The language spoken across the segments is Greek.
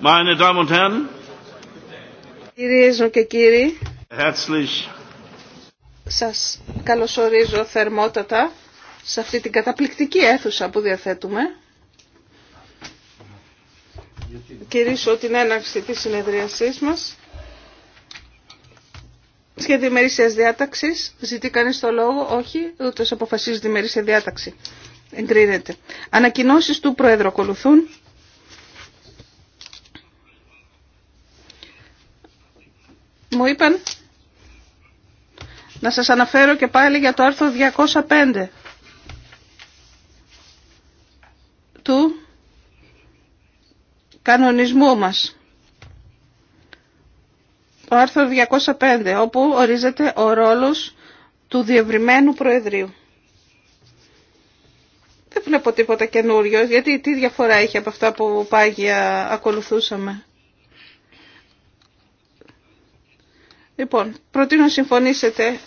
Meine Damen Κυρίες και κύριοι, σα σας καλωσορίζω θερμότατα σε αυτή την καταπληκτική αίθουσα που διαθέτουμε. Κυρίσω την έναρξη της συνεδρίασής μας. Σχέδιο ημερήσια διάταξη, Ζητεί κανεί το λόγο. Όχι, ούτε αποφασίζει τη ημερήσια διάταξη. Εγκρίνεται. Ανακοινώσεις του Προέδρου ακολουθούν. μου είπαν να σας αναφέρω και πάλι για το άρθρο 205 του κανονισμού μας. Το άρθρο 205 όπου ορίζεται ο ρόλος του διευρυμένου προεδρίου Δεν βλέπω τίποτα καινούριο, γιατί τι διαφορά έχει από αυτά που πάγια ακολουθούσαμε. Λοιπόν, προτείνω να συμφωνήσετε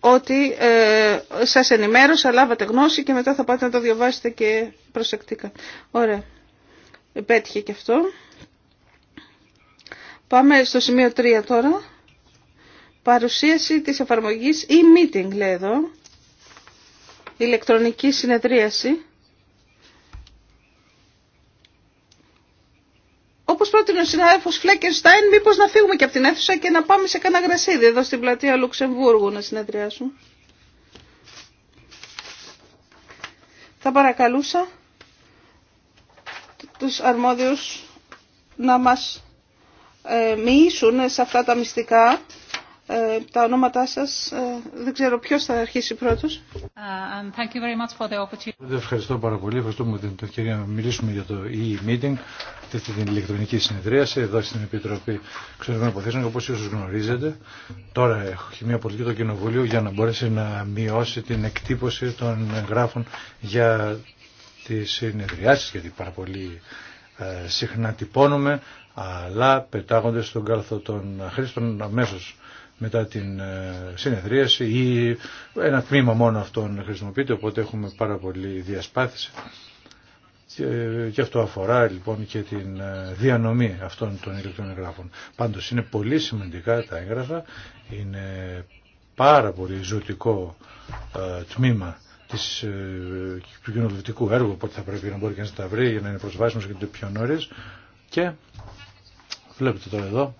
ότι ε, σας ενημέρωσα, λάβατε γνώση και μετά θα πάτε να το διαβάσετε και προσεκτικά. Ωραία. Πέτυχε και αυτό. Πάμε στο σημείο 3 τώρα. Παρουσίαση της εφαρμογής e-meeting λέει εδώ. Ηλεκτρονική συνεδρίαση. Όπω πρότεινε ο συνάδελφος Φλέκενστάιν, μήπω να φύγουμε και από την αίθουσα και να πάμε σε κανένα γρασίδι εδώ στην πλατεία Λουξεμβούργου να συνεδριάσουμε. Θα παρακαλούσα τους αρμόδιους να μας ε, μοιήσουν σε αυτά τα μυστικά. Ε, τα ονόματά σας. Ε, δεν ξέρω ποιος θα αρχίσει πρώτος. Ε, ευχαριστώ πάρα πολύ. Ευχαριστούμε την ευκαιρία να μιλήσουμε για το e-meeting, την ηλεκτρονική συνεδρίαση εδώ στην Επιτροπή Εξωτερικών Αποθέσεων, Όπως ίσως γνωρίζετε, τώρα έχει μια πολιτική το Κοινοβούλιο για να μπορέσει να μειώσει την εκτύπωση των γράφων για τις συνεδριάσεις, γιατί πάρα πολύ συχνά τυπώνουμε, αλλά πετάγονται στον κάλθο των χρήστων αμέσως μετά την ε, συνεδρίαση ή ένα τμήμα μόνο αυτών χρησιμοποιείται, οπότε έχουμε πάρα πολύ διασπάθηση. Και αυτό αφορά λοιπόν και την ε, διανομή αυτών των εγγράφων. Πάντως είναι πολύ σημαντικά τα έγγραφα, είναι πάρα πολύ ζωτικό ε, τμήμα της, του κοινοβουλευτικού έργου, οπότε θα πρέπει να μπορεί και να τα βρει για να είναι προσβάσιμος και πιο νωρίς. Και βλέπετε τώρα εδώ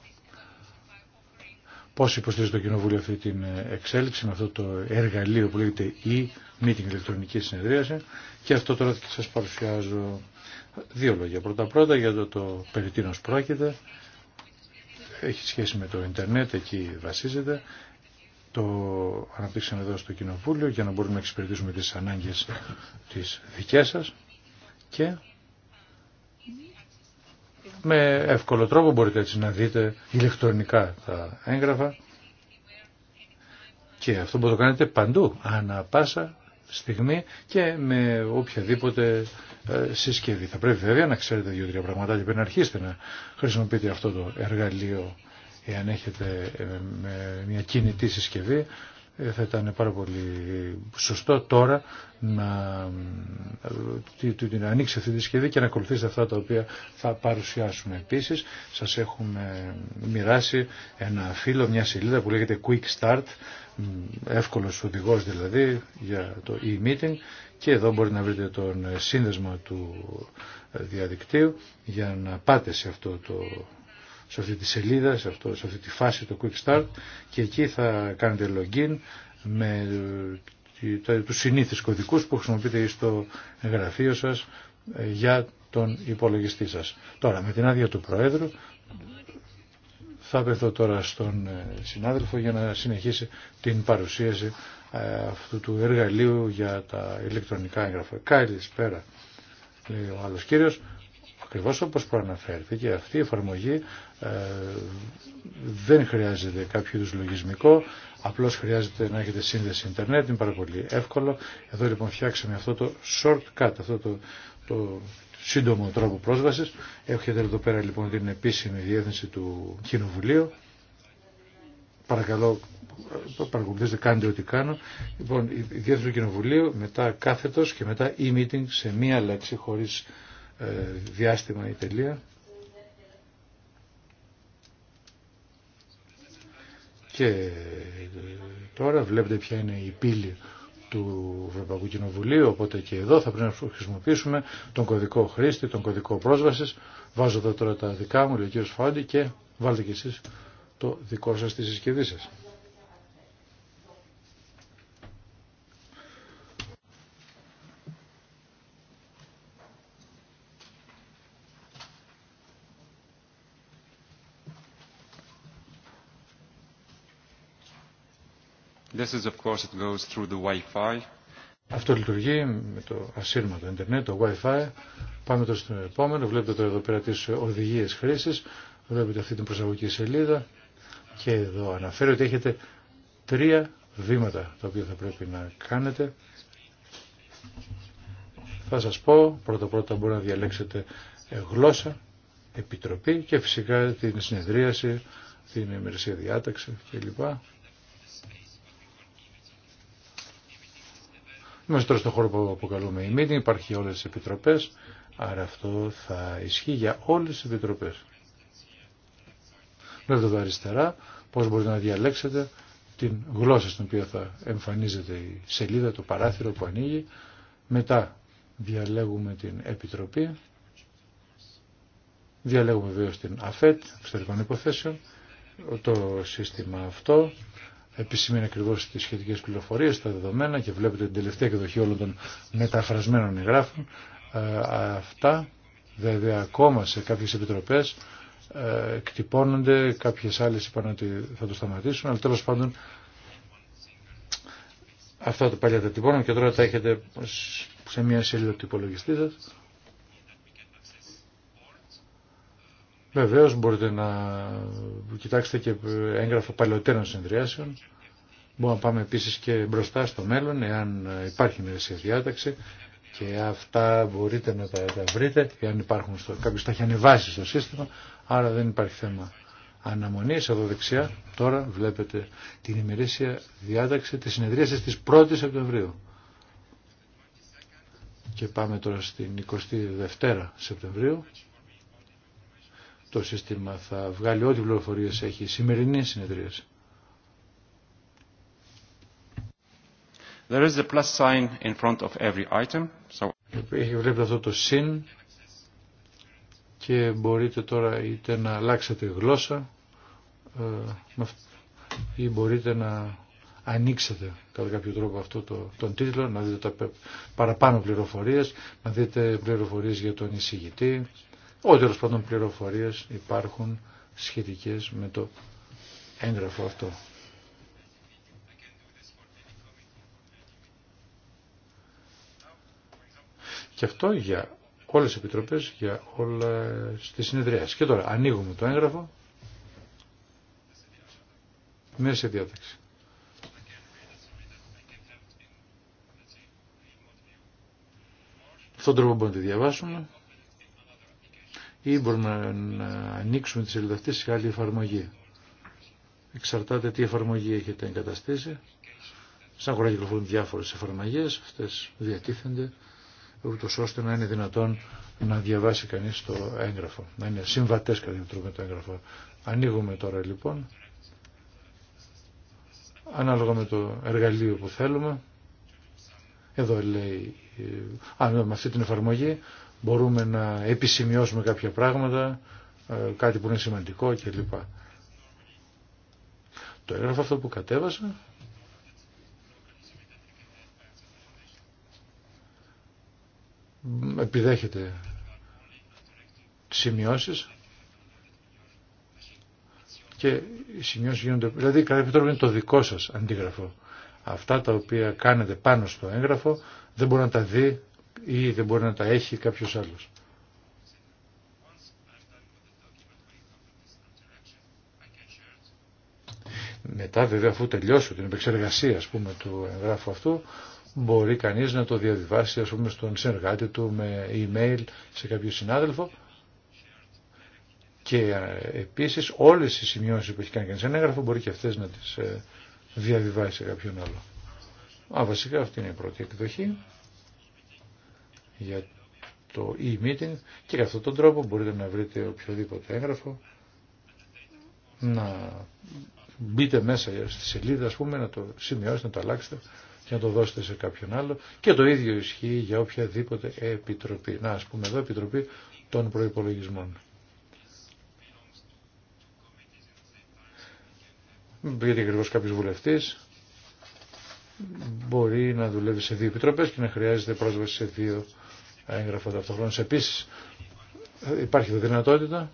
Όσοι υποστηρίζει το Κοινοβούλιο αυτή την ε, εξέλιξη με αυτό το εργαλείο που λέγεται e-meeting ηλεκτρονική συνεδρίαση και αυτό τώρα και σας παρουσιάζω δύο λόγια. Πρώτα πρώτα για το, το περί τίνος πρόκειται, έχει σχέση με το ίντερνετ, εκεί βασίζεται, το αναπτύξαμε εδώ στο Κοινοβούλιο για να μπορούμε να εξυπηρετήσουμε τις ανάγκες τις δικές σας και με εύκολο τρόπο μπορείτε έτσι να δείτε ηλεκτρονικά τα έγγραφα και αυτό μπορείτε να το κάνετε παντού, ανά πάσα στιγμή και με οποιαδήποτε ε, συσκευή. Θα πρέπει βέβαια να ξέρετε δύο-τρία πραγματάκια πριν αρχίσετε να χρησιμοποιείτε αυτό το εργαλείο εάν έχετε ε, μια κινητή συσκευή ε, θα ήταν πάρα πολύ σωστό τώρα να ε, την ανοίξει αυτή τη σχεδία και να ακολουθήσετε αυτά τα οποία θα παρουσιάσουμε. Επίσης, σας έχουμε μοιράσει ένα φύλλο, μια σελίδα που λέγεται Quick Start, εύκολος οδηγός δηλαδή για το e-meeting και εδώ μπορείτε να βρείτε τον σύνδεσμο του ε, διαδικτύου για να πάτε σε αυτό το σε αυτή τη σελίδα, σε, αυτή τη φάση το Quick Start και εκεί θα κάνετε login με ε, τους συνήθεις κωδικούς που χρησιμοποιείτε στο γραφείο σας ε, για τον υπολογιστή σας. Τώρα, με την άδεια του Προέδρου, θα πεθώ τώρα στον ε, συνάδελφο για να συνεχίσει την παρουσίαση αυτού του εργαλείου για τα ηλεκτρονικά έγγραφα. Καλησπέρα, λέει ο άλλος κύριος. Ακριβώς όπως προαναφέρθηκε, αυτή η εφαρμογή ε, δεν χρειάζεται κάποιο είδους λογισμικό, απλώς χρειάζεται να έχετε σύνδεση ίντερνετ, είναι πάρα πολύ εύκολο. Εδώ λοιπόν φτιάξαμε αυτό το shortcut, αυτό το, το σύντομο τρόπο πρόσβασης. Έχετε εδώ πέρα λοιπόν την επίσημη διεύθυνση του Κοινοβουλίου. Παρακαλώ, παρακολουθήστε, κάντε ό,τι κάνω. Λοιπόν, η διεύθυνση του Κοινοβουλίου, μετά κάθετος και μετά e-meeting σε μία λέξη χωρίς ε, διάστημα η τελεία και ε, τώρα βλέπετε ποια είναι η πύλη του Ευρωπαϊκού Κοινοβουλίου, οπότε και εδώ θα πρέπει να χρησιμοποιήσουμε τον κωδικό χρήστη, τον κωδικό πρόσβασης. Βάζω εδώ τώρα τα δικά μου, λέει ο κύριος Φάντη, και βάλτε κι εσείς το δικό σας στη συσκευή σας. Αυτό λειτουργεί με το ασύρματο ίντερνετ, το Wi-Fi. Πάμε τώρα στο επόμενο. Βλέπετε τώρα εδώ πέρα τις οδηγίες χρήσης. Βλέπετε αυτή την προσαγωγική σελίδα. Και εδώ αναφέρω ότι έχετε τρία βήματα τα οποία θα πρέπει να κάνετε. Θα σας πω, πρώτα πρώτα μπορεί να διαλέξετε γλώσσα, επιτροπή και φυσικά την συνεδρίαση, την ημερησία διάταξη κλπ. Είμαστε τώρα στον χώρο που αποκαλούμε η meeting, υπάρχει όλες τις επιτροπές, άρα αυτό θα ισχύει για όλες τις επιτροπές. Βλέπετε εδώ αριστερά πώς μπορείτε να διαλέξετε την γλώσσα στην οποία θα εμφανίζεται η σελίδα, το παράθυρο που ανοίγει. Μετά διαλέγουμε την Επιτροπή, διαλέγουμε βέβαια την ΑΦΕΤ, εξωτερικών υποθέσεων, το σύστημα αυτό επισημαίνει ακριβώ τι σχετικέ πληροφορίε, τα δεδομένα και βλέπετε την τελευταία εκδοχή όλων των μεταφρασμένων εγγράφων. Ε, αυτά βέβαια ακόμα σε κάποιες επιτροπές ε, εκτυπώνονται, κάποιε άλλες είπαν ότι θα το σταματήσουν, αλλά τέλος πάντων αυτά τα παλιά τα τυπώνουν και τώρα τα έχετε σε μια σελίδα του υπολογιστή σας. Βεβαίω μπορείτε να κοιτάξετε και έγγραφα παλαιότερων συνεδριάσεων. Μπορούμε να πάμε επίση και μπροστά στο μέλλον, εάν υπάρχει ημερήσια διάταξη και αυτά μπορείτε να τα, βρείτε, εάν υπάρχουν στο, κάποιος τα έχει ανεβάσει στο σύστημα, άρα δεν υπάρχει θέμα αναμονή Εδώ δεξιά τώρα βλέπετε την ημερήσια διάταξη της συνεδρίασης της 1 η Σεπτεμβρίου. Και πάμε τώρα στην 22η Σεπτεμβρίου το σύστημα θα βγάλει ό,τι πληροφορίες έχει η σημερινή συνεδρίαση. There is a plus sign in front of every item. Έχει βλέπετε αυτό το συν και μπορείτε τώρα είτε να αλλάξετε γλώσσα ε, ή μπορείτε να ανοίξετε κατά κάποιο τρόπο αυτό το, τον τίτλο, να δείτε τα παραπάνω πληροφορίες, να δείτε πληροφορίες για τον εισηγητή, Ό,τι τέλο πάντων πληροφορίε υπάρχουν σχετικέ με το έγγραφο αυτό. Και αυτό για όλες τις επιτροπές, για όλα τις συνεδριάσεις. Και τώρα ανοίγουμε το έγγραφο. μέσα σε διάταξη. Αυτόν τον τρόπο μπορούμε να τη διαβάσουμε ή μπορούμε να ανοίξουμε τη σελίδα αυτή σε άλλη εφαρμογή. Εξαρτάται τι εφαρμογή έχετε εγκαταστήσει. Σαν χωρά κυκλοφορούν διάφορε εφαρμογέ, αυτέ διατίθενται, ούτω ώστε να είναι δυνατόν να διαβάσει κανεί το έγγραφο. Να είναι συμβατέ κατά με το έγγραφο. Ανοίγουμε τώρα λοιπόν, ανάλογα με το εργαλείο που θέλουμε. Εδώ λέει, ε, α, με αυτή την εφαρμογή μπορούμε να επισημειώσουμε κάποια πράγματα, ε, κάτι που είναι σημαντικό κλπ. Το έγγραφο αυτό που κατέβασα επιδέχεται σημειώσεις και οι σημειώσεις γίνονται, δηλαδή κατά επιτρόπο είναι το δικό σας αντίγραφο. Αυτά τα οποία κάνετε πάνω στο έγγραφο δεν μπορεί να τα δει ή δεν μπορεί να τα έχει κάποιος άλλος. Μετά βέβαια αφού τελειώσω την επεξεργασία ας πούμε του εγγράφου αυτού μπορεί κανείς να το διαβιβάσει ας πούμε στον συνεργάτη του με email σε κάποιο συνάδελφο και ε, επίσης όλες οι σημειώσεις που έχει κάνει κανείς ένα έγγραφο μπορεί και αυτές να τις ε, διαβιβάσει σε κάποιον άλλο. Α, βασικά αυτή είναι η πρώτη εκδοχή για το e-meeting και για αυτόν τον τρόπο μπορείτε να βρείτε οποιοδήποτε έγγραφο, να μπείτε μέσα στη σελίδα ας πούμε, να το σημειώσετε, να το αλλάξετε και να το δώσετε σε κάποιον άλλο και το ίδιο ισχύει για οποιαδήποτε επιτροπή. Να ας πούμε εδώ επιτροπή των προϋπολογισμών. Γιατί ακριβώ κάποιο βουλευτή μπορεί να δουλεύει σε δύο επιτροπέ και να χρειάζεται πρόσβαση σε δύο έγγραφα ταυτόχρονα. Επίσης υπάρχει δυνατότητα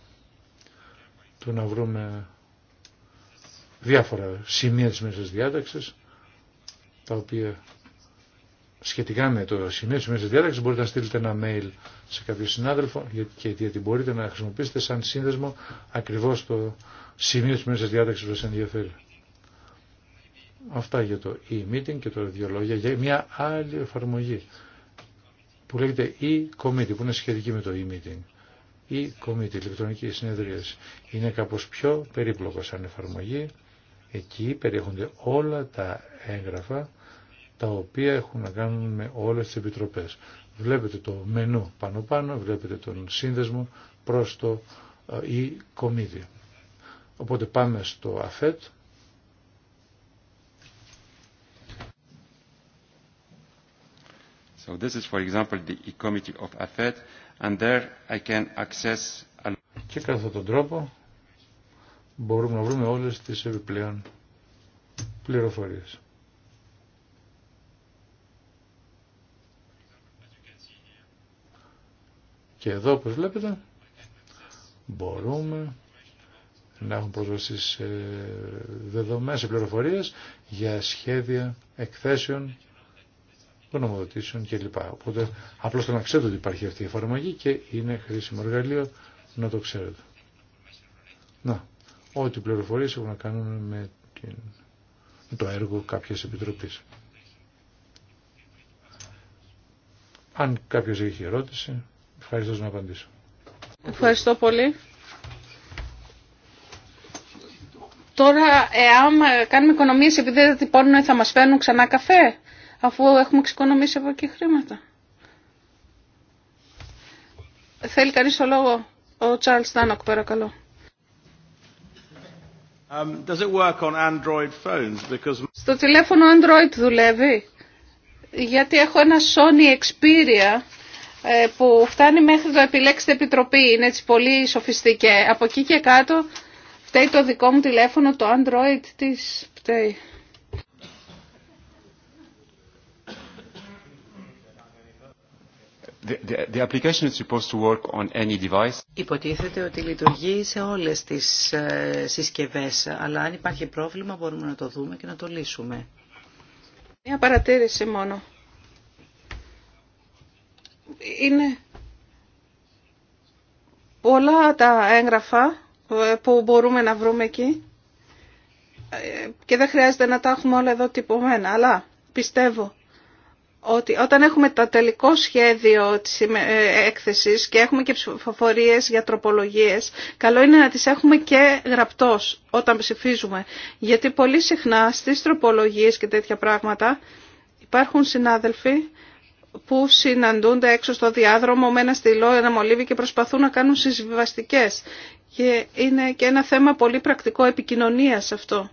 του να βρούμε διάφορα σημεία της μέσης διάταξης τα οποία σχετικά με το σημείο της μέσης διάταξης μπορείτε να στείλετε ένα mail σε κάποιο συνάδελφο και γιατί μπορείτε να χρησιμοποιήσετε σαν σύνδεσμο ακριβώς το σημείο της μέσης διάταξης που σας ενδιαφέρει. Αυτά για το e-meeting και το δύο για μια άλλη εφαρμογή που λέγεται e-committee, που είναι σχετική με το e-meeting. E-committee, ηλεκτρονική συνεδρίαση. Είναι κάπως πιο περίπλοκο σαν εφαρμογή. Εκεί περιέχονται όλα τα έγγραφα τα οποία έχουν να κάνουν με όλες τις επιτροπές. Βλέπετε το μενού πάνω-πάνω, βλέπετε τον σύνδεσμο προς το ε, e-committee. Οπότε πάμε στο AFET Και κατά αυτόν τον τρόπο μπορούμε να βρούμε όλες τις επιπλέον πληροφορίες. Και εδώ, όπως βλέπετε, μπορούμε να έχουμε πρόσβαση σε πληροφορίε πληροφορίες για σχέδια εκθέσεων των νομοδοτήσεων κλπ. Οπότε απλώς το να ξέρετε ότι υπάρχει αυτή η εφαρμογή και είναι χρήσιμο εργαλείο να το ξέρετε. Να, ό,τι πληροφορίες έχουν να κάνουν με, το έργο κάποια επιτροπή. Αν κάποιο έχει ερώτηση, ευχαριστώ να απαντήσω. Ευχαριστώ πολύ. Τώρα, εάν κάνουμε οικονομίες επειδή δεν τυπώνουν, θα μας φέρνουν ξανά καφέ αφού έχουμε εξοικονομήσει από εκεί χρήματα. Θέλει κανεί το λόγο. Ο Τσαρλ Ντάνοκ, παρακαλώ. Um, Στο τηλέφωνο Android δουλεύει. Γιατί έχω ένα Sony Xperia ε, που φτάνει μέχρι το επιλέξτε επιτροπή. Είναι έτσι πολύ σοφιστικέ. Από εκεί και κάτω φταίει το δικό μου τηλέφωνο, το Android της φταίει. The, is to work Υποτίθεται ότι λειτουργεί σε όλες τις ε, συσκευές, αλλά αν υπάρχει πρόβλημα μπορούμε να το δούμε και να το λύσουμε. Μια παρατήρηση μόνο. Είναι πολλά τα έγγραφα ε, που μπορούμε να βρούμε εκεί ε, και δεν χρειάζεται να τα έχουμε όλα εδώ τυπωμένα, αλλά πιστεύω ότι όταν έχουμε το τελικό σχέδιο της ε, έκθεσης και έχουμε και ψηφοφορίες για τροπολογίες, καλό είναι να τις έχουμε και γραπτός όταν ψηφίζουμε. Γιατί πολύ συχνά στις τροπολογίες και τέτοια πράγματα υπάρχουν συνάδελφοι που συναντούνται έξω στο διάδρομο με ένα στυλό, ένα μολύβι και προσπαθούν να κάνουν συσβιβαστικές. Και είναι και ένα θέμα πολύ πρακτικό επικοινωνίας αυτό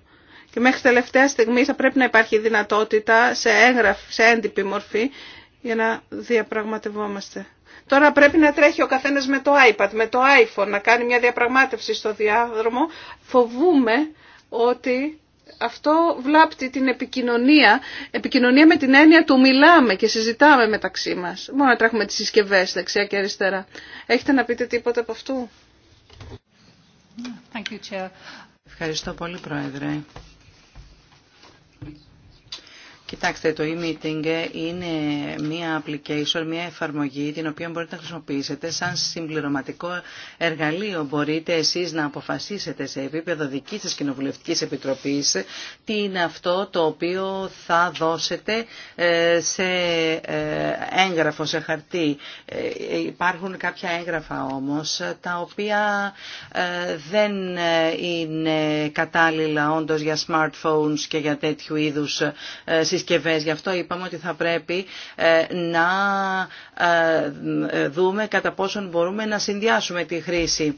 και μέχρι τελευταία στιγμή θα πρέπει να υπάρχει δυνατότητα σε έγγραφη, σε έντυπη μορφή για να διαπραγματευόμαστε. Τώρα πρέπει να τρέχει ο καθένας με το iPad, με το iPhone, να κάνει μια διαπραγμάτευση στο διάδρομο. Φοβούμε ότι αυτό βλάπτει την επικοινωνία, επικοινωνία με την έννοια του μιλάμε και συζητάμε μεταξύ μας. Μόνο να τρέχουμε τις συσκευές δεξιά και αριστερά. Έχετε να πείτε τίποτα από αυτού. Ευχαριστώ πολύ, Πρόεδρε. Peace. Κοιτάξτε, το e-meeting είναι μία application, μία εφαρμογή την οποία μπορείτε να χρησιμοποιήσετε σαν συμπληρωματικό εργαλείο. Μπορείτε εσείς να αποφασίσετε σε επίπεδο δικής της Κοινοβουλευτικής Επιτροπής τι είναι αυτό το οποίο θα δώσετε ε, σε ε, έγγραφο, σε χαρτί. Ε, υπάρχουν κάποια έγγραφα όμως τα οποία δεν είναι κατάλληλα όντως για smartphones και για τέτοιου είδους συστήματα συσκευές. Γι' αυτό είπαμε ότι θα πρέπει ε, να ε, ε, δούμε κατά πόσον μπορούμε να συνδυάσουμε τη χρήση.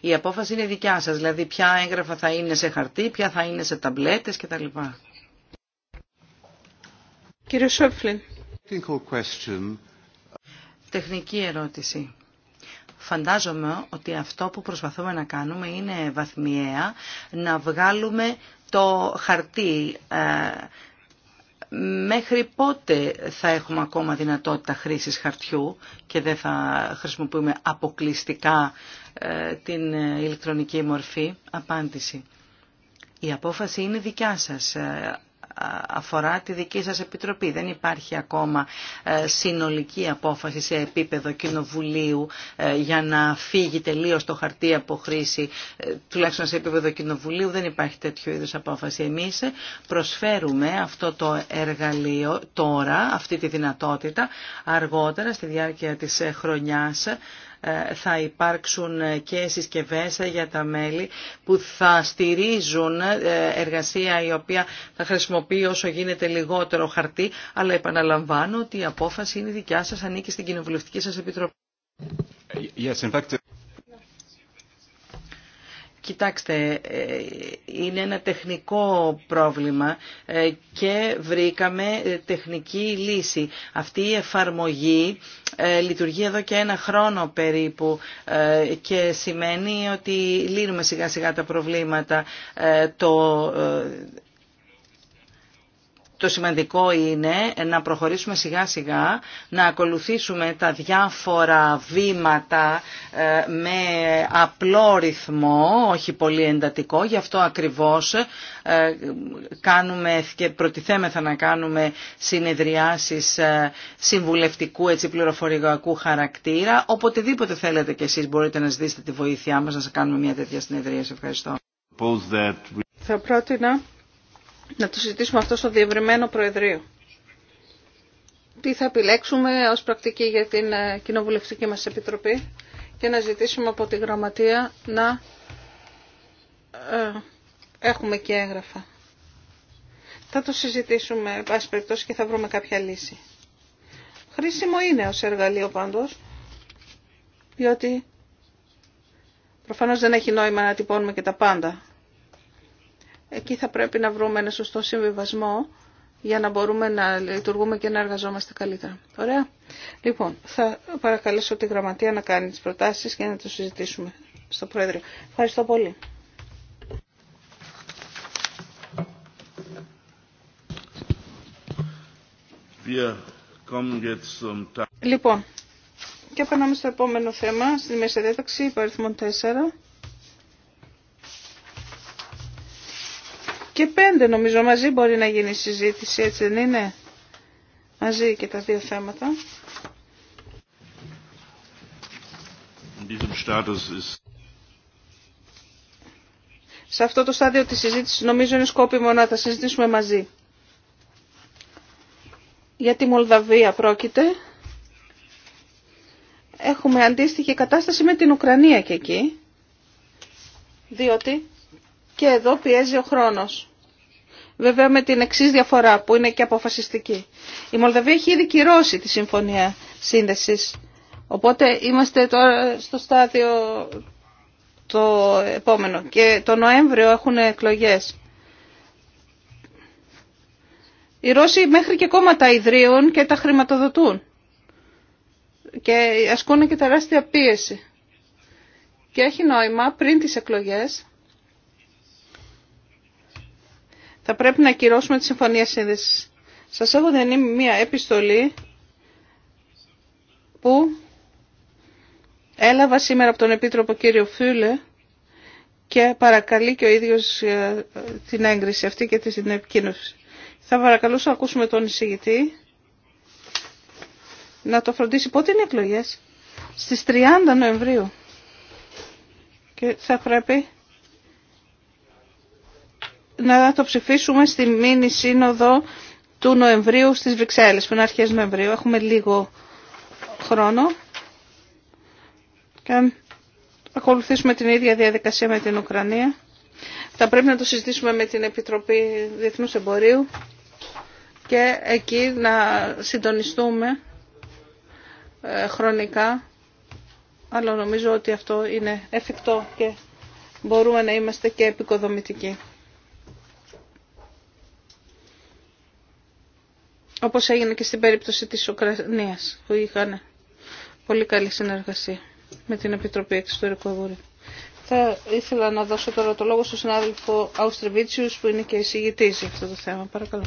Η απόφαση είναι δικιά σας, δηλαδή ποια έγγραφα θα είναι σε χαρτί, ποια θα είναι σε ταμπλέτες κτλ. Κύριε Τεχνική ερώτηση. Φαντάζομαι ότι αυτό που προσπαθούμε να κάνουμε είναι βαθμιαία να βγάλουμε το χαρτί ε, μέχρι πότε θα έχουμε ακόμα δυνατότητα χρήσης χαρτιού και δεν θα χρησιμοποιούμε αποκλειστικά ε, την ε, ηλεκτρονική μορφή. Απάντηση. Η απόφαση είναι δικιά σας αφορά τη δική σας επιτροπή. Δεν υπάρχει ακόμα ε, συνολική απόφαση σε επίπεδο κοινοβουλίου ε, για να φύγει τελείω το χαρτί από χρήση, ε, τουλάχιστον σε επίπεδο κοινοβουλίου δεν υπάρχει τέτοιο είδου απόφαση. Εμεί προσφέρουμε αυτό το εργαλείο τώρα, αυτή τη δυνατότητα, αργότερα στη διάρκεια της χρονιάς θα υπάρξουν και συσκευές για τα μέλη που θα στηρίζουν ε, εργασία η οποία θα χρησιμοποιεί όσο γίνεται λιγότερο χαρτί, αλλά επαναλαμβάνω ότι η απόφαση είναι δικιά σας, ανήκει στην Κοινοβουλευτική σας Επιτροπή. Yes, in fact... Κοιτάξτε, ε, είναι ένα τεχνικό πρόβλημα ε, και βρήκαμε ε, τεχνική λύση. Αυτή η εφαρμογή λειτουργεί εδώ και ένα χρόνο περίπου και σημαίνει ότι λύνουμε σιγά σιγά τα προβλήματα. Το το σημαντικό είναι να προχωρήσουμε σιγά σιγά, να ακολουθήσουμε τα διάφορα βήματα ε, με απλό ρυθμό, όχι πολύ εντατικό. Γι' αυτό ακριβώς ε, κάνουμε και προτιθέμεθα να κάνουμε συνεδριάσεις ε, συμβουλευτικού έτσι, πληροφοριακού χαρακτήρα. Οποτεδήποτε θέλετε και εσείς μπορείτε να ζητήσετε τη βοήθειά μας να σας κάνουμε μια τέτοια συνεδρία. Σε ευχαριστώ. Θα πρότεινα να το συζητήσουμε αυτό στο διευρυμένο Προεδρείο. Τι θα επιλέξουμε ως πρακτική για την ε, κοινοβουλευτική μας επιτροπή και να ζητήσουμε από τη γραμματεία να ε, έχουμε και έγγραφα. Θα το συζητήσουμε, πάση περιπτώσει, και θα βρούμε κάποια λύση. Χρήσιμο είναι ως εργαλείο πάντως, διότι προφανώς δεν έχει νόημα να τυπώνουμε και τα πάντα. Εκεί θα πρέπει να βρούμε ένα σωστό συμβιβασμό για να μπορούμε να λειτουργούμε και να εργαζόμαστε καλύτερα. Ωραία. Λοιπόν, θα παρακαλέσω τη Γραμματεία να κάνει τις προτάσεις και να το συζητήσουμε στο Πρόεδρο. Ευχαριστώ πολύ. Λοιπόν, και περνάμε στο επόμενο θέμα, στη μέση διάταξη, υπαριθμών 4. και πέντε, νομίζω μαζί μπορεί να γίνει συζήτηση, έτσι δεν είναι. Μαζί και τα δύο θέματα. Σε αυτό το στάδιο της συζήτησης νομίζω είναι σκόπιμο να τα συζητήσουμε μαζί. Για τη Μολδαβία πρόκειται. Έχουμε αντίστοιχη κατάσταση με την Ουκρανία και εκεί. Διότι και εδώ πιέζει ο χρόνος. Βέβαια με την εξή διαφορά που είναι και αποφασιστική. Η Μολδαβία έχει ήδη κυρώσει τη Συμφωνία Σύνδεσης. Οπότε είμαστε τώρα στο στάδιο το επόμενο. Και το Νοέμβριο έχουν εκλογές. Οι Ρώσοι μέχρι και κόμματα ιδρύουν και τα χρηματοδοτούν. Και ασκούν και τεράστια πίεση. Και έχει νόημα πριν τις εκλογές θα πρέπει να ακυρώσουμε τη Συμφωνία Σύνδεσης. Σας έχω δίνει μία επιστολή που έλαβα σήμερα από τον Επίτροπο κύριο Φούλε και παρακαλεί και ο ίδιος ε, την έγκριση αυτή και την επικοινωνία. Θα παρακαλούσα να ακούσουμε τον εισηγητή να το φροντίσει. Πότε είναι εκλογές? Στις 30 Νοεμβρίου. Και θα πρέπει να το ψηφίσουμε στη μήνυ σύνοδο του Νοεμβρίου στις Βρυξέλλες, που είναι αρχές Νοεμβρίου. Έχουμε λίγο χρόνο. Και ακολουθήσουμε την ίδια διαδικασία με την Ουκρανία. Θα πρέπει να το συζητήσουμε με την Επιτροπή Διεθνούς Εμπορίου και εκεί να συντονιστούμε ε, χρονικά. Αλλά νομίζω ότι αυτό είναι εφικτό και μπορούμε να είμαστε και επικοδομητικοί. όπως έγινε και στην περίπτωση της Ουκρανίας που είχαν πολύ καλή συνεργασία με την Επιτροπή Εξωτερικού Εμπορίου. Θα ήθελα να δώσω τώρα το λόγο στον συνάδελφο Αουστρεβίτσιους που είναι και εισηγητής για αυτό το θέμα. Παρακαλώ.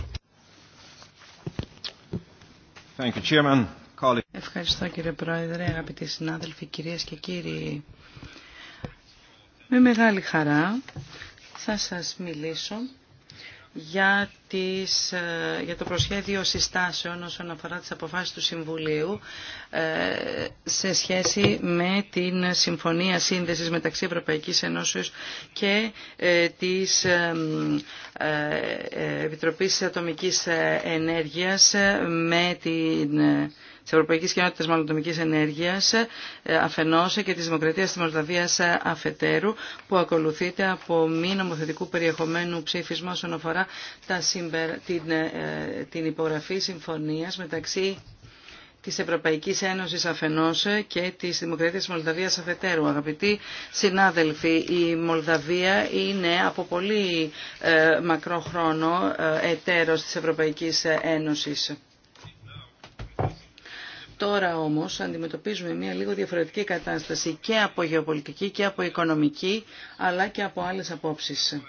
Ευχαριστώ κύριε Πρόεδρε, αγαπητοί συνάδελφοι, κυρίες και κύριοι. Με μεγάλη χαρά θα σας μιλήσω για, τις, ε, για το προσχέδιο συστάσεων όσον αφορά τις αποφάσεις του Συμβουλίου ε, σε σχέση με την Συμφωνία Σύνδεσης μεταξύ Ευρωπαϊκής Ενώσεως και ε, της Επιτροπής Ατομικής Ενέργειας με την της Ευρωπαϊκής Κοινότητας Μαλλοντομικής Ενέργειας ε, αφενός και τη Δημοκρατία της Μολδαβία ε, αφετέρου που ακολουθείται από μη νομοθετικού περιεχομένου ψήφισμα όσον αφορά τα την, ε, την υπογραφή συμφωνίας μεταξύ τη Ευρωπαϊκή Ένωση αφενό και τη Δημοκρατία της Μολδαβία αφετέρου. Αγαπητοί συνάδελφοι, η Μολδαβία είναι από πολύ μακρό χρόνο εταίρο τη Ευρωπαϊκή Ένωση. Τώρα όμως αντιμετωπίζουμε μια λίγο διαφορετική κατάσταση και από γεωπολιτική και από οικονομική αλλά και από άλλες απόψεις.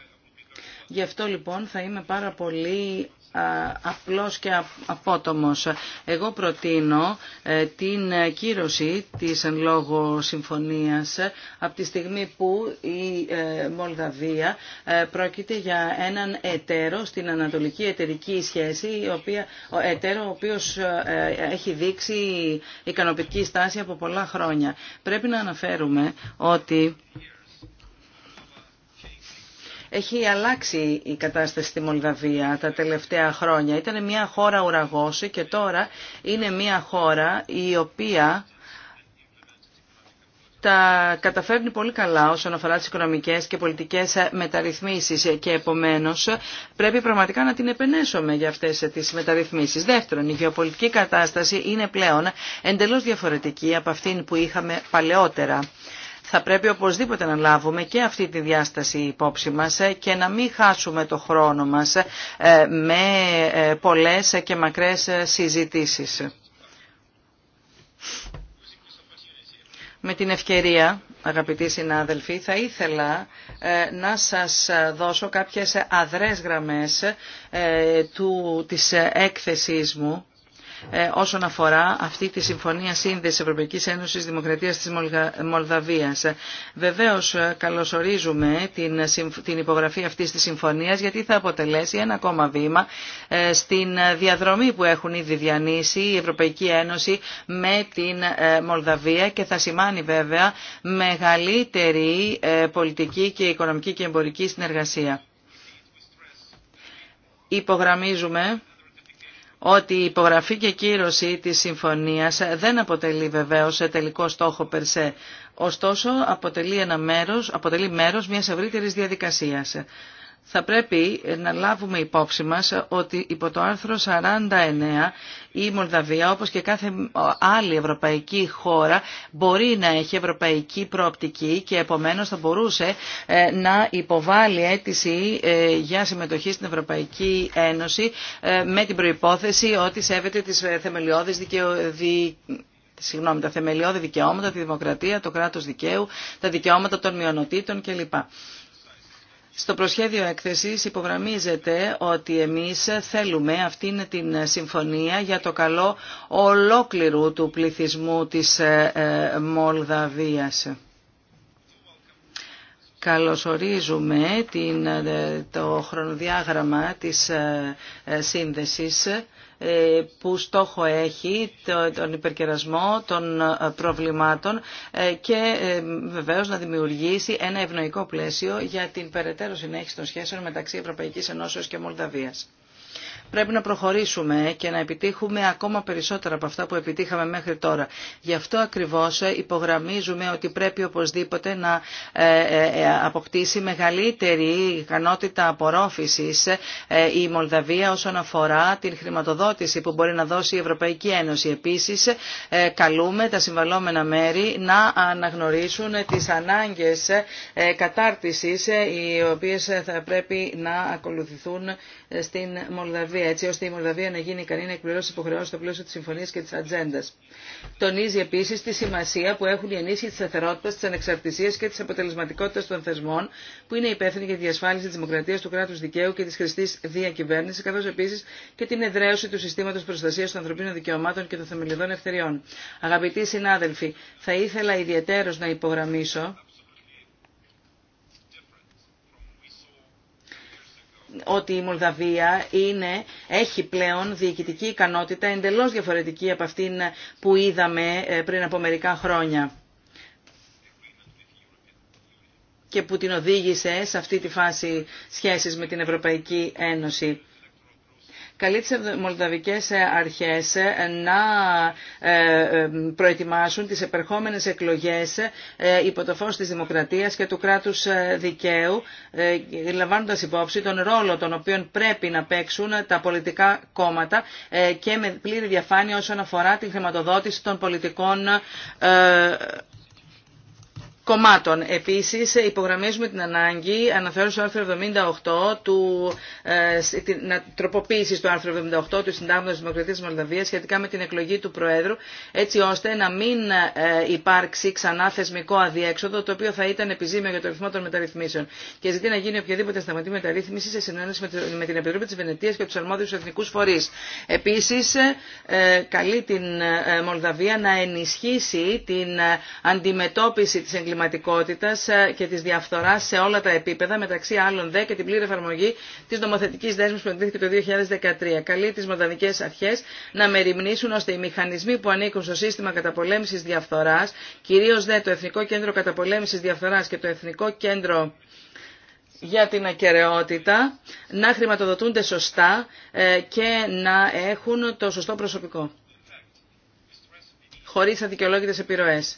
Γι' αυτό λοιπόν θα είμαι πάρα πολύ ε, απλός και απότομος. Εγώ προτείνω ε, την κύρωση της εν λόγω συμφωνίας ε, από τη στιγμή που η Μολδαβία πρόκειται για έναν εταίρο στην ανατολική εταιρική σχέση, η οποία, ο εταίρο ο οποίος έχει δείξει ικανοποιητική στάση από πολλά χρόνια. Πρέπει να αναφέρουμε ότι έχει αλλάξει η κατάσταση στη Μολδαβία τα τελευταία χρόνια. Ήταν μια χώρα ουραγός και τώρα είναι μια χώρα η οποία τα καταφέρνει πολύ καλά όσον αφορά τις οικονομικές και πολιτικές μεταρρυθμίσεις και επομένως πρέπει πραγματικά να την επενέσουμε για αυτές τις μεταρρυθμίσεις. Δεύτερον, η γεωπολιτική κατάσταση είναι πλέον εντελώς διαφορετική από αυτήν που είχαμε παλαιότερα θα πρέπει οπωσδήποτε να λάβουμε και αυτή τη διάσταση υπόψη μας και να μην χάσουμε το χρόνο μας ε, με ε, πολλές και μακρές συζητήσεις. Με την ευκαιρία, αγαπητοί συνάδελφοι, θα ήθελα ε, να σας δώσω κάποιες αδρές γραμμές του, της έκθεσής μου ε, όσον αφορά αυτή τη Συμφωνία Σύνδεσης Ευρωπαϊκής Ένωσης Δημοκρατίας της Μολδαβίας. Ε, Βεβαίω ε, καλωσορίζουμε την υπογραφή αυτής τη συμφωνίας γιατί θα αποτελέσει ένα ακόμα βήμα στην διαδρομή που έχουν ήδη διανύσει η Ευρωπαϊκή Ένωση με την Μολδαβία και θα σημάνει βέβαια μεγαλύτερη πολιτική και οικονομική και εμπορική συνεργασία. Υπογραμμίζουμε ότι η υπογραφή και κύρωση της συμφωνίας δεν αποτελεί βεβαίως τελικό στόχο περσέ, ωστόσο αποτελεί, ένα μέρος, αποτελεί μέρος μιας ευρύτερης διαδικασίας θα πρέπει να λάβουμε υπόψη μας ότι υπό το άρθρο 49 η Μολδαβία όπως και κάθε άλλη ευρωπαϊκή χώρα μπορεί να έχει ευρωπαϊκή προοπτική και επομένως θα μπορούσε ε, να υποβάλει αίτηση ε, για συμμετοχή στην Ευρωπαϊκή Ένωση ε, με την προϋπόθεση ότι σέβεται τις θεμελιώδεις τα θεμελιώδη δικαιώματα, τη δημοκρατία, το κράτος δικαίου, τα δικαιώματα των μειονοτήτων κλπ. Στο προσχέδιο έκθεσης υπογραμμίζεται ότι εμείς θέλουμε αυτήν την συμφωνία για το καλό ολόκληρου του πληθυσμού της ε, ε, Μολδαβίας. Καλωσορίζουμε την, ε, το χρονοδιάγραμμα της σύνδεσης ε, που στόχο έχει τον υπερκερασμό των ε, προβλημάτων ε, και βεβαίως να δημιουργήσει ένα ευνοϊκό πλαίσιο για την περαιτέρω συνέχιση των σχέσεων μεταξύ Ευρωπαϊκής Ενώσεως και Μολδαβίας πρέπει να προχωρήσουμε και να επιτύχουμε ακόμα περισσότερα από αυτά που επιτύχαμε μέχρι τώρα. Γι' αυτό ακριβώς υπογραμμίζουμε ότι πρέπει οπωσδήποτε να ε, ε, ε, αποκτήσει μεγαλύτερη ικανότητα απορρόφησης η Μολδαβία όσον αφορά την χρηματοδότηση που μπορεί να δώσει η Ευρωπαϊκή Ένωση. Επίσης, καλούμε τα συμβαλόμενα μέρη να αναγνωρίσουν τις ανάγκες κατάρτισης οι οποίες θα πρέπει να ακολουθηθούν στην Μολδαβία. Μολδαβία, έτσι ώστε η Μολδαβία να γίνει ικανή να εκπληρώσει υποχρεώσει στο πλαίσιο τη συμφωνία και τη ατζέντα. Τονίζει επίση τη σημασία που έχουν οι ενίσχυση τη σταθερότητα, τη ανεξαρτησία και τη αποτελεσματικότητα των θεσμών, που είναι υπεύθυνοι για τη διασφάλιση τη δημοκρατία, του κράτου δικαίου και τη χρηστή διακυβέρνηση, καθώ επίση και την εδραίωση του συστήματο προστασία των ανθρωπίνων δικαιωμάτων και των θεμελιωδών ευθεριών. Αγαπητοί συνάδελφοι, θα ήθελα ιδιαίτερω να υπογραμμίσω ότι η Μολδαβία είναι, έχει πλέον διοικητική ικανότητα εντελώς διαφορετική από αυτήν που είδαμε ε, πριν από μερικά χρόνια και που την οδήγησε σε αυτή τη φάση σχέσης με την Ευρωπαϊκή Ένωση καλεί τις μολδαβικές αρχές να ε, ε, προετοιμάσουν τις επερχόμενες εκλογές ε, υπό το φως της δημοκρατίας και του κράτους δικαίου, λαμβάνοντας υπόψη τον ρόλο τον οποίο πρέπει να παίξουν τα πολιτικά κόμματα και με πλήρη διαφάνεια όσον αφορά την χρηματοδότηση των πολιτικών κομμάτων. Επίσης υπογραμμίζουμε την ανάγκη, αναφέρω στο άρθρο 78, του, ε, την τροποποίηση του άρθρου 78 του Συντάγματος της Δημοκρατίας Μολδαβίας σχετικά με την εκλογή του Προέδρου, έτσι ώστε να μην ε, υπάρξει ξανά θεσμικό αδιέξοδο, το οποίο θα ήταν επιζήμιο για το ρυθμό των μεταρρυθμίσεων. Και ζητεί να γίνει οποιαδήποτε σταματή μεταρρύθμιση σε συνένεση με την Επιτροπή της Βενετίας και τους αρμόδιους εθνικούς φορείς. Επίσης, ε, καλεί την ε, Μολδαβία να ενισχύσει την ε, αντιμετώπιση της εγκληματικότητας ε, και της διαφθοράς σε όλα τα επίπεδα, μεταξύ άλλων δε και την πλήρη εφαρμογή της νομοθετικής δέσμης που εντύχθηκε το 2013. Καλεί τις μοντανικές Αρχές να μεριμνήσουν ώστε οι μηχανισμοί που ανήκουν στο σύστημα καταπολέμησης διαφθοράς, κυρίως δε το Εθνικό Κέντρο Καταπολέμησης Διαφθοράς και το Εθνικό Κέντρο για την ακαιρεότητα, να χρηματοδοτούνται σωστά ε, και να έχουν το σωστό προσωπικό χωρίς αδικαιολόγητες επιρροές.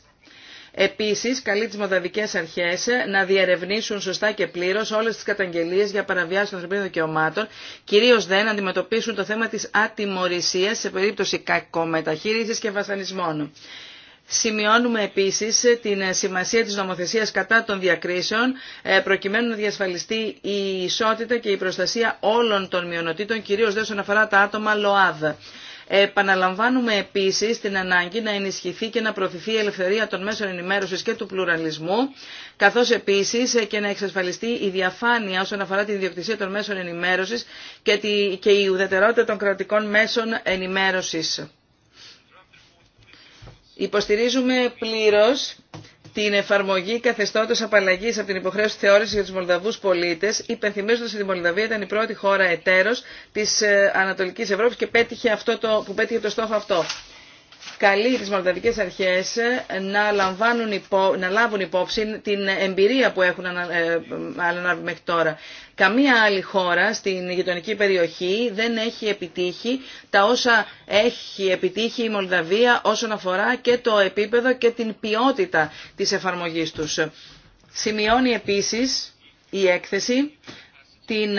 Επίσης, καλεί τις μοδαβικές αρχές να διερευνήσουν σωστά και πλήρως όλες τις καταγγελίες για παραβιάσεις των ανθρωπίνων δικαιωμάτων, κυρίως δεν να αντιμετωπίσουν το θέμα της ατιμορρησίας σε περίπτωση κακομεταχείρισης και βασανισμών. Σημειώνουμε επίσης την σημασία της νομοθεσίας κατά των διακρίσεων ε, προκειμένου να διασφαλιστεί η ισότητα και η προστασία όλων των μειονοτήτων, κυρίως δεν αφορά τα άτομα ΛΟΑΔ. Επαναλαμβάνουμε επίσης την ανάγκη να ενισχυθεί και να προωθηθεί η ελευθερία των μέσων ενημέρωσης και του πλουραλισμού, καθώς επίσης και να εξασφαλιστεί η διαφάνεια όσον αφορά την ιδιοκτησία των μέσων ενημέρωσης και, και η ουδετερότητα των κρατικών μέσων ενημέρωσης. Υποστηρίζουμε πλήρως την εφαρμογή καθεστώτο απαλλαγή από την υποχρέωση θεώρηση για του μολδαβού πολίτε, υπενθυμίζοντα ότι η Μολδαβία ήταν η πρώτη χώρα εταίρο τη ε, ανατολική Ευρώπη και πέτυχε αυτό το, που πέτυχε το στόχο αυτό καλεί τις Μολδαβικές Αρχές να, να λάβουν υπόψη την εμπειρία που έχουν ε, αναλάβει μέχρι τώρα. Καμία άλλη χώρα στην γειτονική περιοχή δεν έχει επιτύχει τα όσα έχει επιτύχει η Μολδαβία όσον αφορά και το επίπεδο και την ποιότητα της εφαρμογής τους. Σημειώνει επίσης η έκθεση την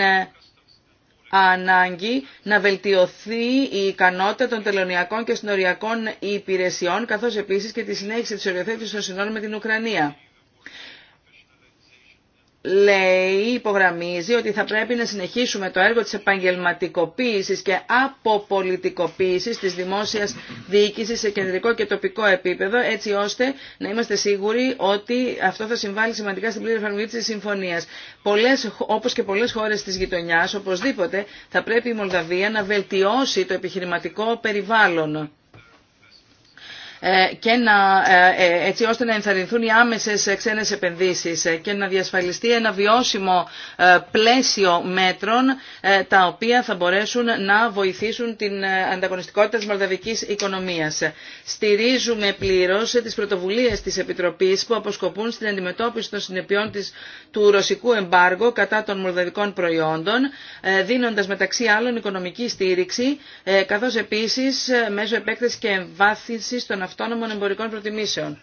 ανάγκη να βελτιωθεί η ικανότητα των τελωνιακών και συνοριακών υπηρεσιών, καθώς επίσης και τη συνέχιση της οριοθέτησης των συνόρων με την Ουκρανία λέει, υπογραμμίζει ότι θα πρέπει να συνεχίσουμε το έργο της επαγγελματικοποίησης και αποπολιτικοποίησης της δημόσιας διοίκησης σε κεντρικό και τοπικό επίπεδο, έτσι ώστε να είμαστε σίγουροι ότι αυτό θα συμβάλλει σημαντικά στην πλήρη εφαρμογή της συμφωνίας. Πολλές, όπως και πολλές χώρες της γειτονιάς, οπωσδήποτε θα πρέπει η Μολδαβία να βελτιώσει το επιχειρηματικό περιβάλλον ε, και να, ε, ε, έτσι ώστε να ενθαρρυνθούν οι άμεσες ξένες επενδύσεις και να διασφαλιστεί ένα βιώσιμο πλαίσιο μέτρων τα οποία θα μπορέσουν να βοηθήσουν την ανταγωνιστικότητα της μολδαβικής οικονομίας. Στηρίζουμε πλήρως τις πρωτοβουλίες της Επιτροπής που αποσκοπούν στην αντιμετώπιση των συνεπειών της, του ρωσικού εμπάργου κατά των μολδαβικών προϊόντων, δίνοντας μεταξύ άλλων οικονομική στήριξη, καθώς επίσης μέσω επέκταση και εμβάθυνση των αυτόνομων εμπορικών προτιμήσεων.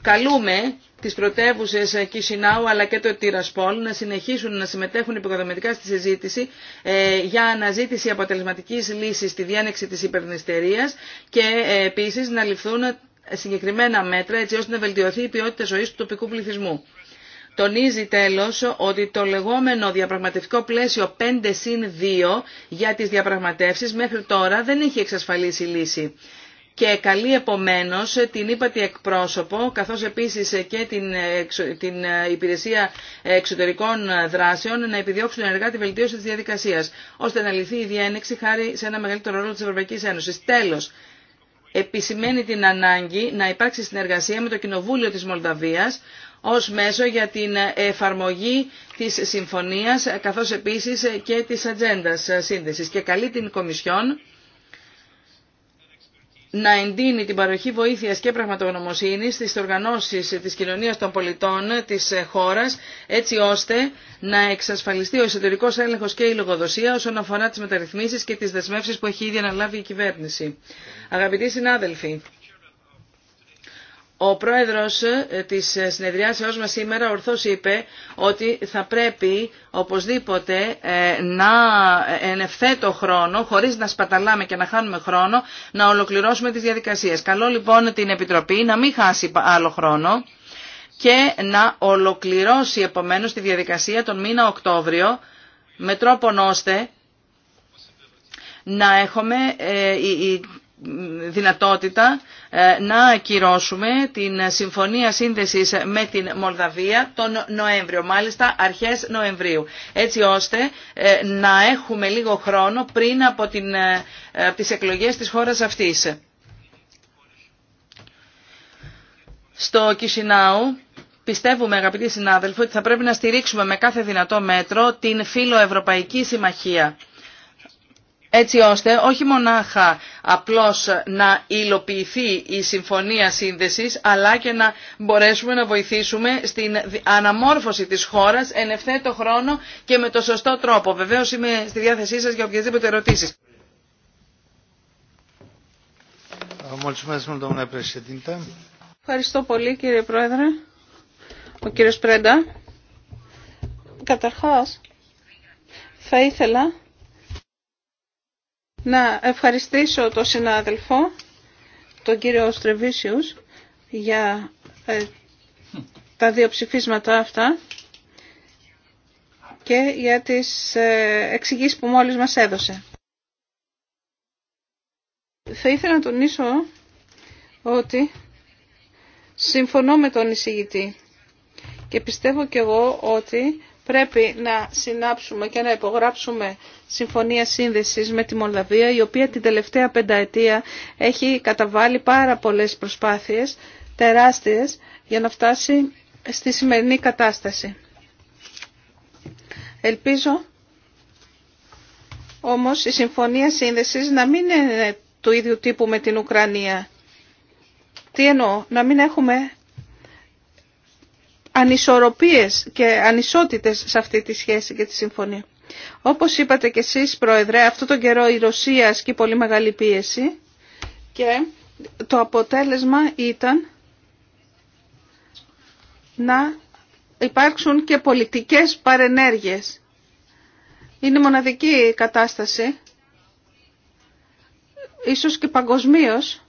Καλούμε τις πρωτεύουσε Κισινάου αλλά και το Τυρασπόλ να συνεχίσουν να συμμετέχουν υποδομητικά στη συζήτηση ε, για αναζήτηση αποτελεσματικής λύσης στη διάνεξη της υπερνηστερίας και ε, επίσης να ληφθούν συγκεκριμένα μέτρα έτσι ώστε να βελτιωθεί η ποιότητα ζωής του τοπικού πληθυσμού. Τονίζει τέλος ότι το λεγόμενο διαπραγματευτικό πλαίσιο 5 συν 2 για τις διαπραγματεύσεις μέχρι τώρα δεν έχει εξασφαλίσει λύση και καλεί επομένως την ύπατη εκπρόσωπο καθώς επίσης και την, την ε, υπηρεσία εξωτερικών δράσεων να επιδιώξουν ενεργά τη βελτίωση της διαδικασίας ώστε να λυθεί η διένεξη χάρη σε ένα μεγαλύτερο ρόλο της Ευρωπαϊκής Ένωσης. Τέλος, επισημαίνει την ανάγκη να υπάρξει συνεργασία με το Κοινοβούλιο της Μολδαβίας ως μέσο για την εφαρμογή της συμφωνίας καθώς επίσης και της ατζέντα σύνδεσης και καλεί την Κομισιόν να εντείνει την παροχή βοήθειας και πραγματογνωμοσύνης στις οργανώσεις της κοινωνίας των πολιτών της χώρας, έτσι ώστε να εξασφαλιστεί ο εσωτερικός έλεγχος και η λογοδοσία όσον αφορά τις μεταρρυθμίσεις και τις δεσμεύσεις που έχει ήδη αναλάβει η κυβέρνηση. Αγαπητοί συνάδελφοι, ο πρόεδρος ε, της ε, συνεδριάσεώς μας σήμερα ορθώς είπε ότι θα πρέπει οπωσδήποτε ε, να εν το χρόνο, χωρίς να σπαταλάμε και να χάνουμε χρόνο, να ολοκληρώσουμε τις διαδικασίες. Καλό λοιπόν την Επιτροπή να μην χάσει άλλο χρόνο και να ολοκληρώσει επομένως τη διαδικασία τον μήνα Οκτώβριο με τρόπο ώστε να έχουμε δυνατότητα ε, να ακυρώσουμε την συμφωνία σύνδεσης με την Μολδαβία τον Νοέμβριο, μάλιστα αρχές Νοεμβρίου, έτσι ώστε ε, να έχουμε λίγο χρόνο πριν από, την, ε, από τις εκλογές της χώρας αυτής. Στο Κισινάου πιστεύουμε αγαπητοί συνάδελφοι ότι θα πρέπει να στηρίξουμε με κάθε δυνατό μέτρο την φιλοευρωπαϊκή συμμαχία έτσι ώστε όχι μονάχα απλώς να υλοποιηθεί η συμφωνία σύνδεσης, αλλά και να μπορέσουμε να βοηθήσουμε στην αναμόρφωση της χώρας εν ευθέτω χρόνο και με το σωστό τρόπο. Βεβαίως είμαι στη διάθεσή σας για οποιασδήποτε ερωτήσεις. Ευχαριστώ πολύ κύριε Πρόεδρε. Ο κύριος Πρέντα. Καταρχάς, θα ήθελα να ευχαριστήσω τον συνάδελφο, τον κύριο Στρεβίσιους, για ε, τα δύο ψηφίσματα αυτά και για τις ε, εξηγήσεις που μόλις μας έδωσε. Θα ήθελα να τονίσω ότι συμφωνώ με τον εισηγητή και πιστεύω κι εγώ ότι πρέπει να συνάψουμε και να υπογράψουμε συμφωνία σύνδεσης με τη Μολδαβία, η οποία την τελευταία πενταετία έχει καταβάλει πάρα πολλές προσπάθειες, τεράστιες, για να φτάσει στη σημερινή κατάσταση. Ελπίζω όμως η συμφωνία σύνδεσης να μην είναι του ίδιου τύπου με την Ουκρανία. Τι εννοώ, να μην έχουμε ανισορροπίες και ανισότητες σε αυτή τη σχέση και τη συμφωνία. Όπως είπατε και εσείς, Πρόεδρε, αυτό τον καιρό η Ρωσία ασκεί πολύ μεγάλη πίεση και το αποτέλεσμα ήταν να υπάρξουν και πολιτικές παρενέργειες. Είναι μοναδική κατάσταση, ίσως και παγκοσμίως,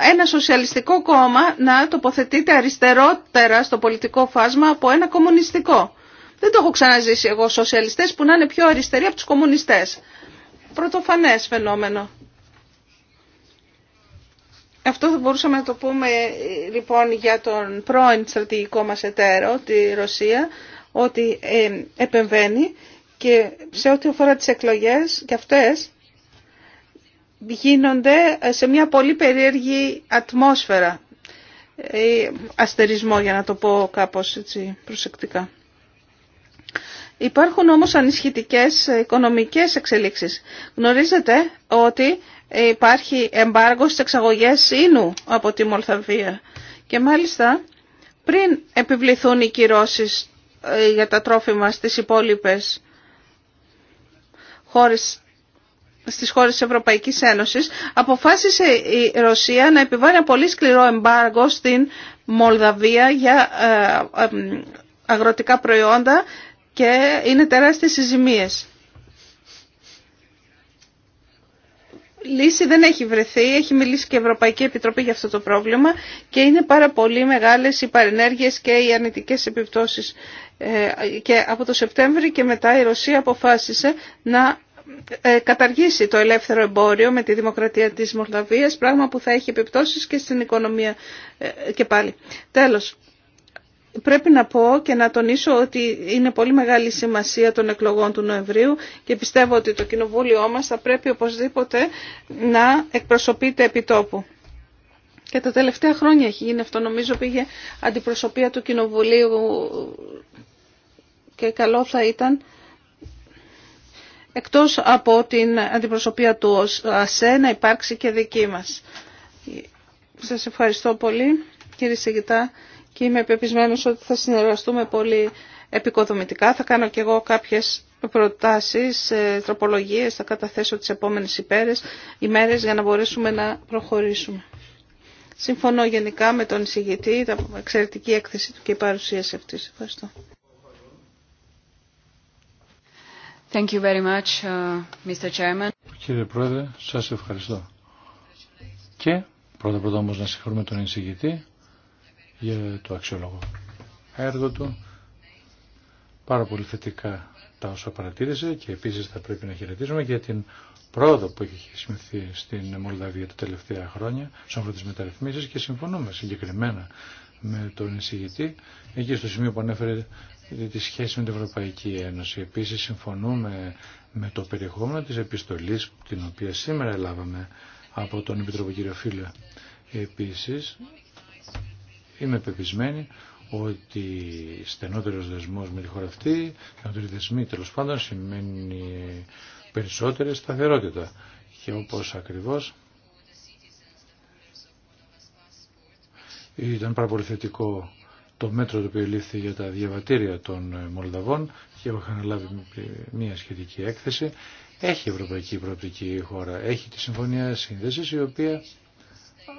ένα σοσιαλιστικό κόμμα να τοποθετείται αριστερότερα στο πολιτικό φάσμα από ένα κομμουνιστικό. Δεν το έχω ξαναζήσει εγώ σοσιαλιστές που να είναι πιο αριστεροί από τους κομμουνιστές. Πρωτοφανές φαινόμενο. Αυτό θα μπορούσαμε να το πούμε λοιπόν για τον πρώην στρατηγικό μας εταίρο, τη Ρωσία, ότι ε, επεμβαίνει και σε ό,τι αφορά τις εκλογές και αυτές γίνονται σε μια πολύ περίεργη ατμόσφαιρα. Ε, αστερισμό για να το πω κάπως έτσι προσεκτικά. Υπάρχουν όμως ανισχυτικές οικονομικές εξελίξεις. Γνωρίζετε ότι υπάρχει εμπάργο στις εξαγωγές ίνου από τη Μολθαβία. Και μάλιστα πριν επιβληθούν οι κυρώσεις ε, για τα τρόφιμα στις υπόλοιπες χώρες στις χώρες της Ευρωπαϊκής Ένωσης, αποφάσισε η Ρωσία να επιβάλλει ένα πολύ σκληρό εμπάργο στην Μολδαβία για ε, ε, αγροτικά προϊόντα και είναι τεράστιες οι ζημίες. Λύση δεν έχει βρεθεί, έχει μιλήσει και η Ευρωπαϊκή Επιτροπή για αυτό το πρόβλημα και είναι πάρα πολύ μεγάλες οι παρενέργειες και οι αρνητικές επιπτώσεις. Ε, και από το Σεπτέμβριο και μετά η Ρωσία αποφάσισε να ε, καταργήσει το ελεύθερο εμπόριο με τη δημοκρατία της Μολδαβίας, πράγμα που θα έχει επιπτώσεις και στην οικονομία ε, και πάλι. Τέλος, πρέπει να πω και να τονίσω ότι είναι πολύ μεγάλη σημασία των εκλογών του Νοεμβρίου και πιστεύω ότι το κοινοβούλιο μας θα πρέπει οπωσδήποτε να εκπροσωπείται επιτόπου. Και τα τελευταία χρόνια έχει γίνει αυτό. Νομίζω πήγε αντιπροσωπεία του Κοινοβουλίου και καλό θα ήταν εκτός από την αντιπροσωπεία του ΑΣΕ να υπάρξει και δική μας. Σας ευχαριστώ πολύ κύριε Σεγητά και είμαι πεπισμένος ότι θα συνεργαστούμε πολύ επικοδομητικά. Θα κάνω και εγώ κάποιες προτάσεις, ε, τροπολογίες, θα καταθέσω τις επόμενες υπέρες, ημέρες για να μπορέσουμε να προχωρήσουμε. Συμφωνώ γενικά με τον εισηγητή, τα εξαιρετική έκθεση του και η παρουσίαση αυτής. Ευχαριστώ. Thank you very much, uh, Κύριε Πρόεδρε, σας ευχαριστώ. Και πρώτα πρώτα όμως να συγχωρούμε τον εισηγητή για το αξιόλογο έργο του. Πάρα πολύ θετικά τα όσα παρατήρησε και επίσης θα πρέπει να χαιρετήσουμε για την πρόοδο που έχει σημειωθεί στην Μολδαβία τα τελευταία χρόνια σε αφορά τις μεταρρυθμίσεις και συμφωνούμε συγκεκριμένα με τον εισηγητή εκεί στο σημείο που ανέφερε τη σχέση με την Ευρωπαϊκή Ένωση. Επίσης συμφωνούμε με το περιεχόμενο της επιστολής την οποία σήμερα έλαβαμε από τον Επιτροπο κύριο Φίλε. Επίσης είμαι πεπισμένη ότι στενότερος δεσμός με τη χώρα αυτή, στενότεροι δεσμοί τέλος πάντων σημαίνει περισσότερη σταθερότητα. Και όπως ακριβώς ήταν πάρα πολύ θετικό το μέτρο το οποίο λήφθη για τα διαβατήρια των ε, Μολδαβών και έχω αναλάβει μια ε, σχετική έκθεση. Έχει ευρωπαϊκή προοπτική η χώρα. Έχει τη Συμφωνία Σύνδεσης η οποία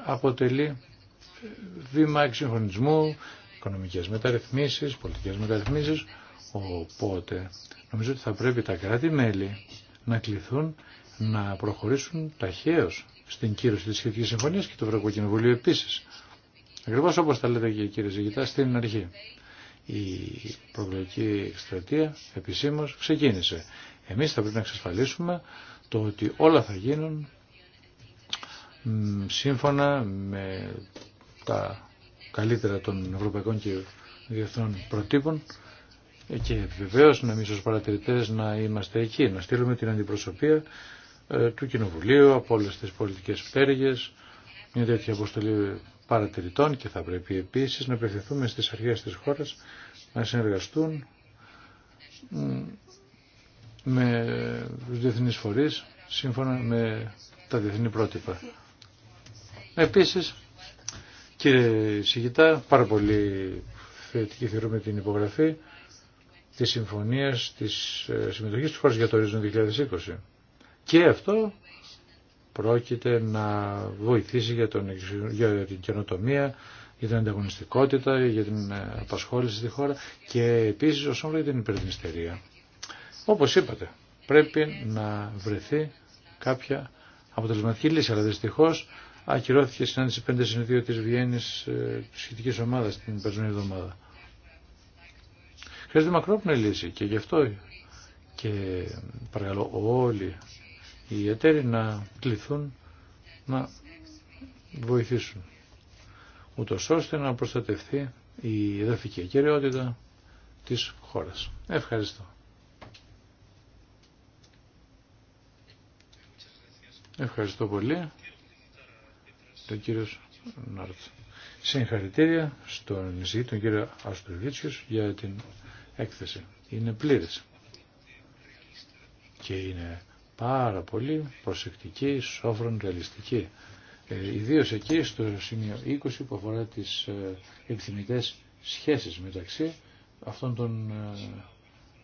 αποτελεί ε, βήμα εξυγχρονισμού, οικονομικές μεταρρυθμίσεις, πολιτικές μεταρρυθμίσεις. Οπότε νομίζω ότι θα πρέπει τα κράτη-μέλη να κληθούν να προχωρήσουν ταχαίως στην κύρωση της σχετικής συμφωνίας και το Ευρωπαϊκό Κοινοβούλιο επίσης. Ακριβώ όπω τα λέτε και κύριε Ζηγητά στην αρχή. Η προεκλογική εκστρατεία επισήμω ξεκίνησε. Εμείς θα πρέπει να εξασφαλίσουμε το ότι όλα θα γίνουν σύμφωνα με τα καλύτερα των ευρωπαϊκών και διεθνών προτύπων και βεβαίω να εμεί ω παρατηρητέ να είμαστε εκεί, να στείλουμε την αντιπροσωπεία ε, του Κοινοβουλίου από όλε τι πολιτικέ πτέρυγε. Μια τέτοια αποστολή παρατηρητών και θα πρέπει επίσης να απευθυνθούμε στις αρχές της χώρας να συνεργαστούν με τους διεθνείς φορείς σύμφωνα με τα διεθνή πρότυπα. Επίσης, κύριε Σιγητά, πάρα πολύ θετική θεωρούμε την υπογραφή της συμφωνίας της ε, συμμετοχής της χώρας για το ορίζον 2020. Και αυτό πρόκειται να βοηθήσει για, τον, για την καινοτομία, για την ανταγωνιστικότητα, για την ε, απασχόληση στη χώρα και επίσης όσον όλη την υπερδυνιστερία. Όπως είπατε, πρέπει να βρεθεί κάποια αποτελεσματική λύση, αλλά δυστυχώς ακυρώθηκε η συνάντηση 5 5-2 της Βιέννης ε, σχετικής ομάδας την περσμένη εβδομάδα. Χρειάζεται μακρόπνοη λύση και γι' αυτό και παρακαλώ όλοι οι εταίροι να κληθούν να βοηθήσουν ούτως ώστε να προστατευτεί η εδαφική κυριότητα της χώρας. Ευχαριστώ. Ευχαριστώ πολύ τον κύριο Νάρτ. Συγχαρητήρια στον εισηγητή, τον κύριο Αστροβίτσιος, για την έκθεση. Είναι πλήρης και είναι πάρα πολύ προσεκτική, σόφρον, ρεαλιστική. Ε, Ιδίω εκεί στο σημείο 20 που αφορά τις ε, επιθυμητές σχέσεις μεταξύ αυτών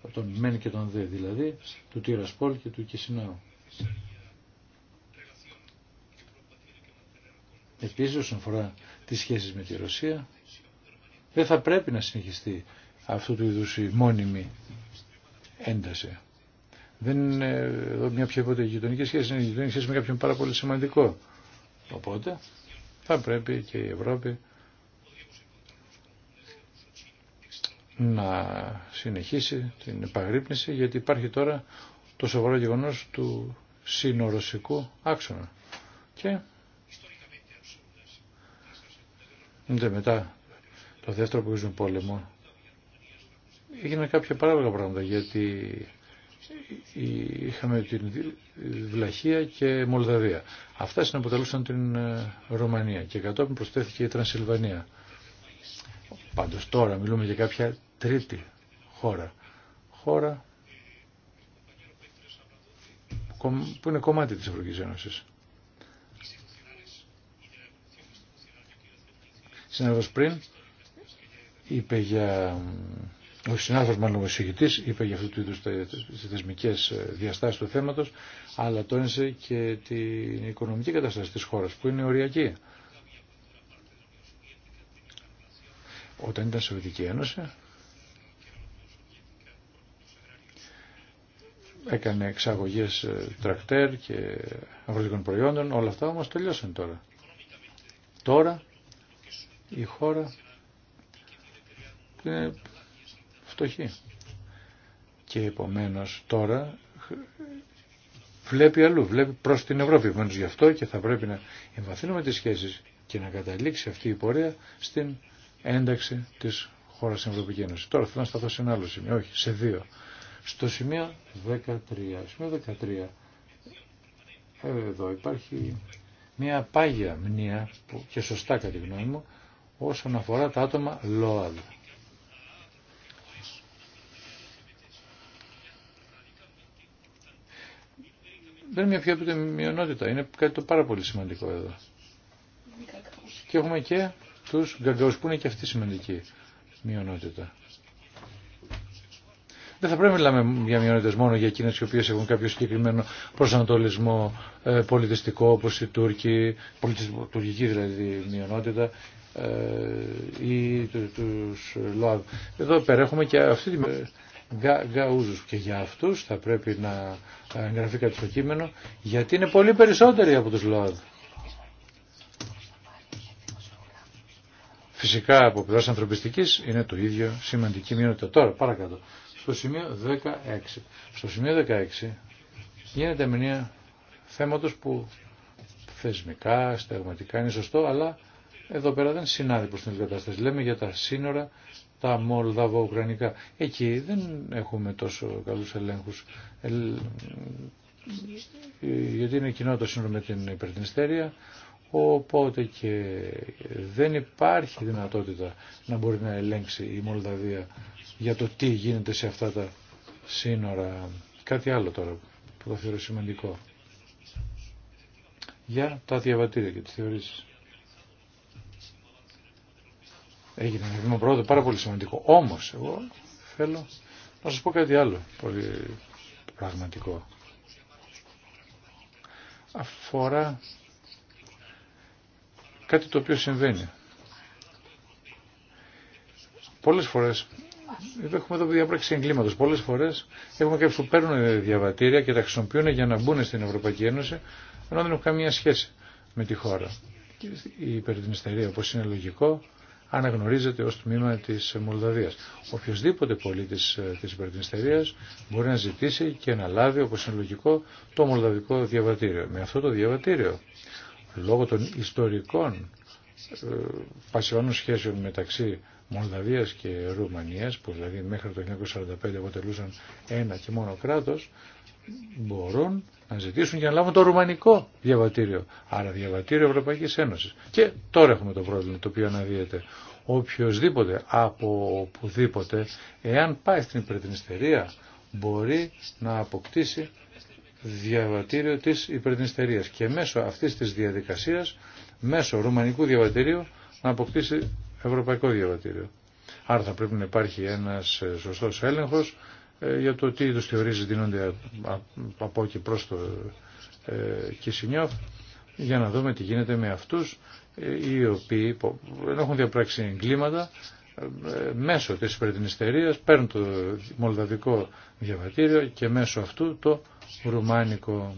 ε, των, μεν και των δε, δηλαδή του Τυρασπόλ και του Κισινάου. Επίσης όσον αφορά τις σχέσεις με τη Ρωσία, δεν θα πρέπει να συνεχιστεί αυτού του είδους η μόνιμη ένταση. Δεν είναι εδώ μια οποιαδήποτε γειτονική σχέση, είναι γειτονική σχέση με κάποιον πάρα πολύ σημαντικό. Οπότε θα πρέπει και η Ευρώπη να συνεχίσει την επαγρύπνηση γιατί υπάρχει τώρα το σοβαρό γεγονός του συνορωσικού άξονα. Και μετά το δεύτερο παγκόσμιο πόλεμο έγιναν κάποια παράλογα πράγματα γιατί είχαμε την Βλαχία και Μολδαβία. Αυτά συναποτελούσαν την ε, Ρωμανία και κατόπιν προσθέθηκε η Τρανσιλβανία. Πάντως τώρα μιλούμε για κάποια τρίτη χώρα. Χώρα που είναι κομμάτι της Ευρωπαϊκής Ένωσης. Συνέδρος πριν είπε για ο συνάδελφος μάλλον ο εισηγητής είπε για αυτού του είδους τις θεσμικές ε, διαστάσεις του θέματος, αλλά τόνισε και την οικονομική κατάσταση της χώρας που είναι οριακή. Όταν ήταν Σοβιετική Ένωση, έκανε εξαγωγές ε, τρακτέρ και αγροτικών προϊόντων, όλα αυτά όμως τελειώσαν τώρα. Τώρα η χώρα ε, φτωχοί. Και επομένως τώρα βλέπει αλλού, βλέπει προς την Ευρώπη. Επομένως γι' αυτό και θα πρέπει να εμβαθύνουμε τις σχέσεις και να καταλήξει αυτή η πορεία στην ένταξη της χώρας στην Ευρωπαϊκή Ένωση. Τώρα θέλω να σταθώ σε ένα άλλο σημείο, όχι, σε δύο. Στο σημείο 13, σημείο 13, εδώ υπάρχει μια πάγια μνήα και σωστά κατά τη γνώμη μου όσον αφορά τα άτομα ΛΟΑΔ. δεν είναι μια ούτε μειονότητα. Είναι κάτι το πάρα πολύ σημαντικό εδώ. Και έχουμε και τους γκαγκαούς που είναι και αυτή σημαντική μειονότητα. Δεν θα πρέπει να μιλάμε για μειονότητε μόνο για εκείνε οι οποίε έχουν κάποιο συγκεκριμένο προσανατολισμό ε, πολιτιστικό, όπω οι Τούρκοι, τουρκική δηλαδή μειονότητα, ε, ή του ΛΟΑΔ. Εδώ πέρα έχουμε και αυτή τη γαούζους και για αυτούς θα πρέπει να εγγραφεί κάτι στο κείμενο γιατί είναι πολύ περισσότεροι από τους ΛΟΑΔ. Φυσικά από πλευρά ανθρωπιστική είναι το ίδιο σημαντική μειότητα. Τώρα παρακάτω. Στο σημείο 16. Στο σημείο 16 γίνεται μια θέματο που θεσμικά, στεγματικά είναι σωστό, αλλά εδώ πέρα δεν συνάδει προ την κατάσταση. Λέμε για τα σύνορα τα Μολδαβο-Ουκρανικά. Εκεί δεν έχουμε τόσο καλούς ελέγχους. Γιατί είναι κοινό το σύνορο με την υπερτινιστέρια, οπότε και δεν υπάρχει δυνατότητα να μπορεί να ελέγξει η Μολδαβία για το τι γίνεται σε αυτά τα σύνορα. Κάτι άλλο τώρα που θα θεωρώ σημαντικό. Για τα διαβατήρια και τις θεωρήσεις. Έγινε ένα βήμα πρόοδο πάρα πολύ σημαντικό. Όμως εγώ θέλω να σας πω κάτι άλλο πολύ πραγματικό. Αφορά κάτι το οποίο συμβαίνει. Πολλές φορές έχουμε εδώ διαπράξει εγκλήματο. Πολλέ φορέ έχουμε κάποιου που παίρνουν διαβατήρια και τα χρησιμοποιούν για να μπουν στην Ευρωπαϊκή Ένωση, ενώ δεν έχουν καμία σχέση με τη χώρα. Η υπερδυνιστερία, όπω είναι λογικό, αναγνωρίζεται ως τμήμα της Μολδαβίας. Οποιοςδήποτε πολίτης ε, της υπερδυνστερίας μπορεί να ζητήσει και να λάβει όπως είναι λογικό το μολδαβικό διαβατήριο. Με αυτό το διαβατήριο, λόγω των ιστορικών ε, πασιών σχέσεων μεταξύ Μολδαβίας και Ρουμανίας, που δηλαδή μέχρι το 1945 αποτελούσαν ένα και μόνο κράτος, μπορούν να ζητήσουν για να λάβουν το ρουμανικό διαβατήριο. Άρα διαβατήριο Ευρωπαϊκής Ένωσης. Και τώρα έχουμε το πρόβλημα το οποίο αναδύεται. Οποιοδήποτε από οπουδήποτε, εάν πάει στην υπερτινιστερία, μπορεί να αποκτήσει διαβατήριο της υπερτινιστερίας και μέσω αυτής της διαδικασίας, μέσω ρουμανικού διαβατηρίου, να αποκτήσει ευρωπαϊκό διαβατήριο. Άρα θα πρέπει να υπάρχει ένας σωστός έλεγχος ε, για το τι είδους θεωρίες δίνονται από και προς το ε, Κισινιόφ για να δούμε τι γίνεται με αυτούς ε, οι οποίοι έχουν διαπράξει εγκλήματα μέσω της υπερδινιστερίας παίρνουν το μολδαβικό διαβατήριο και μέσω αυτού το ρουμάνικο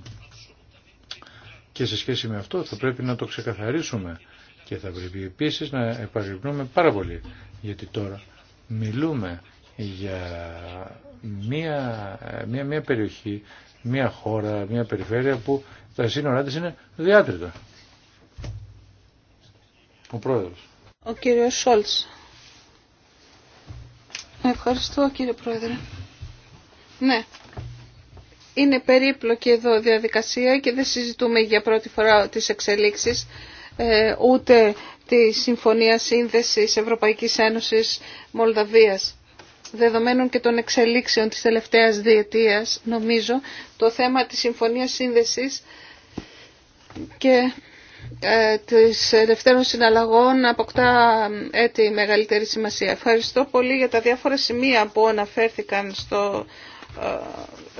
και σε σχέση με αυτό θα πρέπει να το ξεκαθαρίσουμε και θα πρέπει επίσης να επαγρυπνούμε πάρα πολύ γιατί τώρα μιλούμε για μια, μια, μια περιοχή, μια χώρα, μια περιφέρεια που τα σύνορά της είναι διάτριτα. Ο πρόεδρος. Ο κύριος Σόλτς. Ευχαριστώ κύριε πρόεδρε. Ναι. Είναι περίπλοκη εδώ διαδικασία και δεν συζητούμε για πρώτη φορά τις εξελίξεις ε, ούτε τη Συμφωνία Σύνδεσης Ευρωπαϊκής Ένωσης Μολδαβίας δεδομένων και των εξελίξεων της τελευταίας διετίας, νομίζω, το θέμα της Συμφωνίας Σύνδεσης και ε, της ελευθέρων συναλλαγών αποκτά έτη ε, μεγαλύτερη σημασία. Ευχαριστώ πολύ για τα διάφορα σημεία που αναφέρθηκαν στο ε,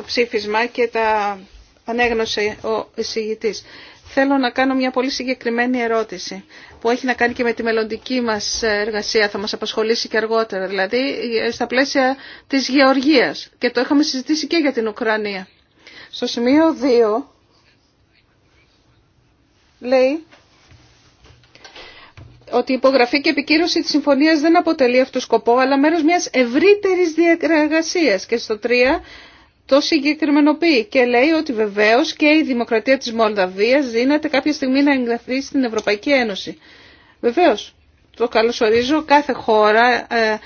ψήφισμα και τα ανέγνωσε ο εισηγητής. Θέλω να κάνω μια πολύ συγκεκριμένη ερώτηση που έχει να κάνει και με τη μελλοντική μας εργασία, θα μας απασχολήσει και αργότερα, δηλαδή στα πλαίσια της γεωργίας και το είχαμε συζητήσει και για την Ουκρανία. Στο σημείο 2 λέει ότι η υπογραφή και επικύρωση της συμφωνίας δεν αποτελεί αυτό σκοπό, αλλά μέρος μιας ευρύτερης διαργασίας. Και στο 3 το συγκεκριμενοποιεί και λέει ότι βεβαίως και η δημοκρατία της Μολδαβίας δίνεται κάποια στιγμή να εγγραφεί στην Ευρωπαϊκή Ένωση. Βεβαίως, το καλωσορίζω κάθε χώρα, ε,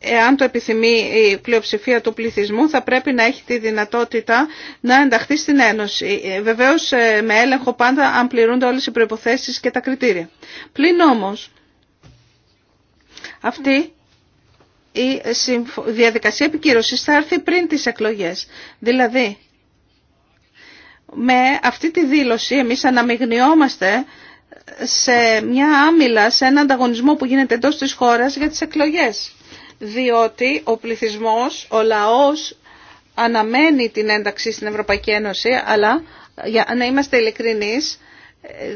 εάν το επιθυμεί η πλειοψηφία του πληθυσμού, θα πρέπει να έχει τη δυνατότητα να ενταχθεί στην Ένωση. Ε, βεβαίως, ε, με έλεγχο πάντα αν πληρούνται όλες οι προϋποθέσεις και τα κριτήρια. Πλην όμως, αυτή η διαδικασία επικύρωσης θα έρθει πριν τις εκλογές. Δηλαδή, με αυτή τη δήλωση εμείς αναμειγνιόμαστε σε μια άμυλα, σε έναν ανταγωνισμό που γίνεται εντός της χώρας για τις εκλογές. Διότι ο πληθυσμός, ο λαός αναμένει την ένταξη στην Ευρωπαϊκή Ένωση, αλλά για να είμαστε ειλικρινείς,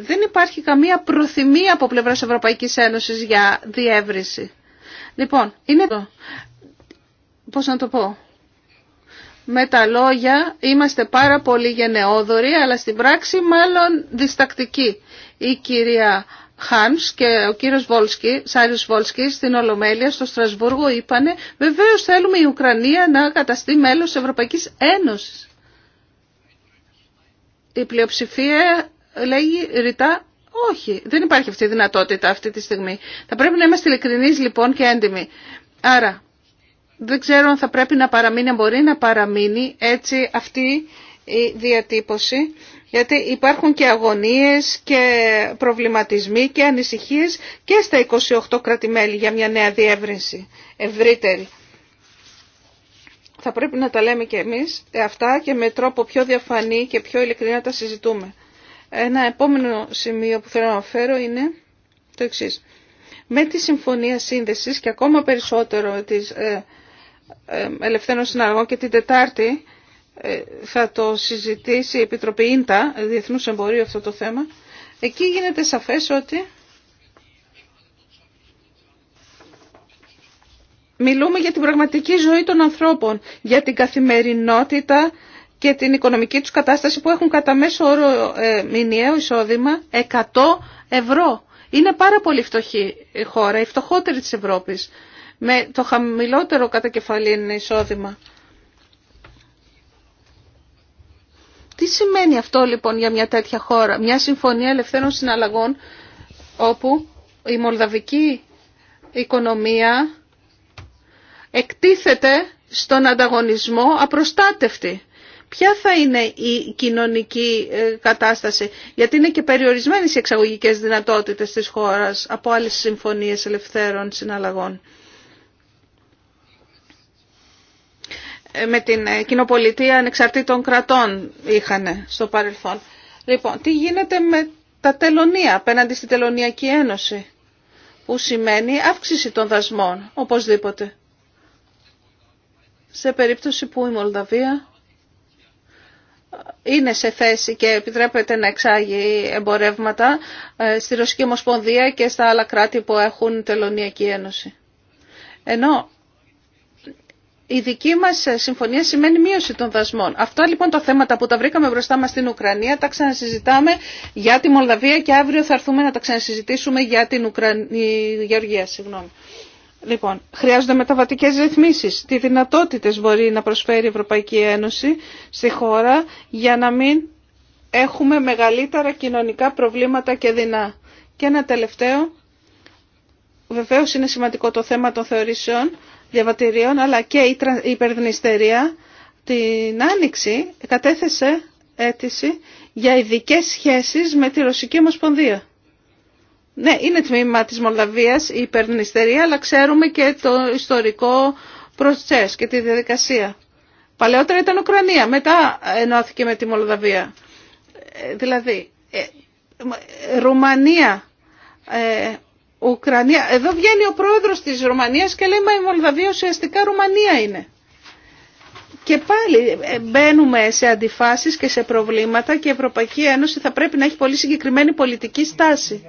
δεν υπάρχει καμία προθυμία από πλευράς Ευρωπαϊκής Ένωσης για διεύρυνση. Λοιπόν, είναι το, πώς να το πω, με τα λόγια είμαστε πάρα πολύ γενναιόδοροι, αλλά στην πράξη μάλλον διστακτικοί. Η κυρία Χάνς και ο κύριος Βόλσκι, Σάριος Βόλσκι στην Ολομέλεια, στο Στρασβούργο, είπανε «Βεβαίως θέλουμε η Ουκρανία να καταστεί μέλος της Ευρωπαϊκής Ένωσης». Η πλειοψηφία λέγει ρητά όχι, δεν υπάρχει αυτή η δυνατότητα αυτή τη στιγμή. Θα πρέπει να είμαστε ειλικρινεί, λοιπόν και έντιμοι. Άρα, δεν ξέρω αν θα πρέπει να παραμείνει, αν μπορεί να παραμείνει έτσι αυτή η διατύπωση, γιατί υπάρχουν και αγωνίες και προβληματισμοί και ανησυχίες και στα 28 κρατημέλη για μια νέα διεύρυνση ευρύτερη. Θα πρέπει να τα λέμε και εμείς ε, αυτά και με τρόπο πιο διαφανή και πιο ειλικρινά τα συζητούμε. Ένα επόμενο σημείο που θέλω να αναφέρω είναι το εξή. Με τη συμφωνία σύνδεσης και ακόμα περισσότερο της ε, ε, ελευθέρων και την Τετάρτη ε, θα το συζητήσει η Επιτροπή Ίντα, Διεθνούς Εμπορίου αυτό το θέμα, εκεί γίνεται σαφές ότι μιλούμε για την πραγματική ζωή των ανθρώπων, για την καθημερινότητα και την οικονομική τους κατάσταση που έχουν κατά μέσο όρο ε, μηνιαίο εισόδημα 100 ευρώ. Είναι πάρα πολύ φτωχή η χώρα, η φτωχότερη της Ευρώπης, με το χαμηλότερο κατά κεφαλήν εισόδημα. Τι σημαίνει αυτό λοιπόν για μια τέτοια χώρα, μια συμφωνία ελευθέρων συναλλαγών όπου η μολδαβική οικονομία εκτίθεται στον ανταγωνισμό απροστάτευτη ποια θα είναι η κοινωνική ε, κατάσταση, γιατί είναι και περιορισμένες οι εξαγωγικές δυνατότητες της χώρας από άλλες συμφωνίες ελευθέρων συναλλαγών. Ε, με την ε, κοινοπολιτεία ανεξαρτήτων κρατών είχαν στο παρελθόν. Λοιπόν, τι γίνεται με τα τελωνία απέναντι στην Τελωνιακή Ένωση, που σημαίνει αύξηση των δασμών, οπωσδήποτε. Σε περίπτωση που η Μολδαβία είναι σε θέση και επιτρέπεται να εξάγει εμπορεύματα ε, στη Ρωσική Ομοσπονδία και στα άλλα κράτη που έχουν τελωνιακή ένωση. Ενώ η δική μας συμφωνία σημαίνει μείωση των δασμών. Αυτά λοιπόν τα θέματα που τα βρήκαμε μπροστά μας στην Ουκρανία τα ξανασυζητάμε για τη Μολδαβία και αύριο θα έρθουμε να τα ξανασυζητήσουμε για την Ουκρανία. Γεωργία, συγγνώμη. Λοιπόν, χρειάζονται μεταβατικές ρυθμίσει. Τι δυνατότητες μπορεί να προσφέρει η Ευρωπαϊκή Ένωση στη χώρα για να μην έχουμε μεγαλύτερα κοινωνικά προβλήματα και δεινά. Και ένα τελευταίο, βεβαίως είναι σημαντικό το θέμα των θεωρήσεων διαβατηρίων, αλλά και η υπερδνηστερία την Άνοιξη κατέθεσε αίτηση για ειδικέ σχέσεις με τη Ρωσική Ομοσπονδία. Ναι, είναι τμήμα της Μολδαβίας η υπερνηστερία, αλλά ξέρουμε και το ιστορικό προστσές και τη διαδικασία. Παλαιότερα ήταν Ουκρανία, μετά ενώθηκε με τη Μολδαβία. Ε, δηλαδή, ε, ε, Ρουμανία, Ουκρανία. Εδώ βγαίνει ο πρόεδρος της Ρουμανίας και λέει «Μα η Μολδαβία ουσιαστικά Ρουμανία είναι». Και πάλι μπαίνουμε σε αντιφάσεις και σε προβλήματα και η Ευρωπαϊκή Ένωση θα πρέπει να έχει πολύ συγκεκριμένη πολιτική στάση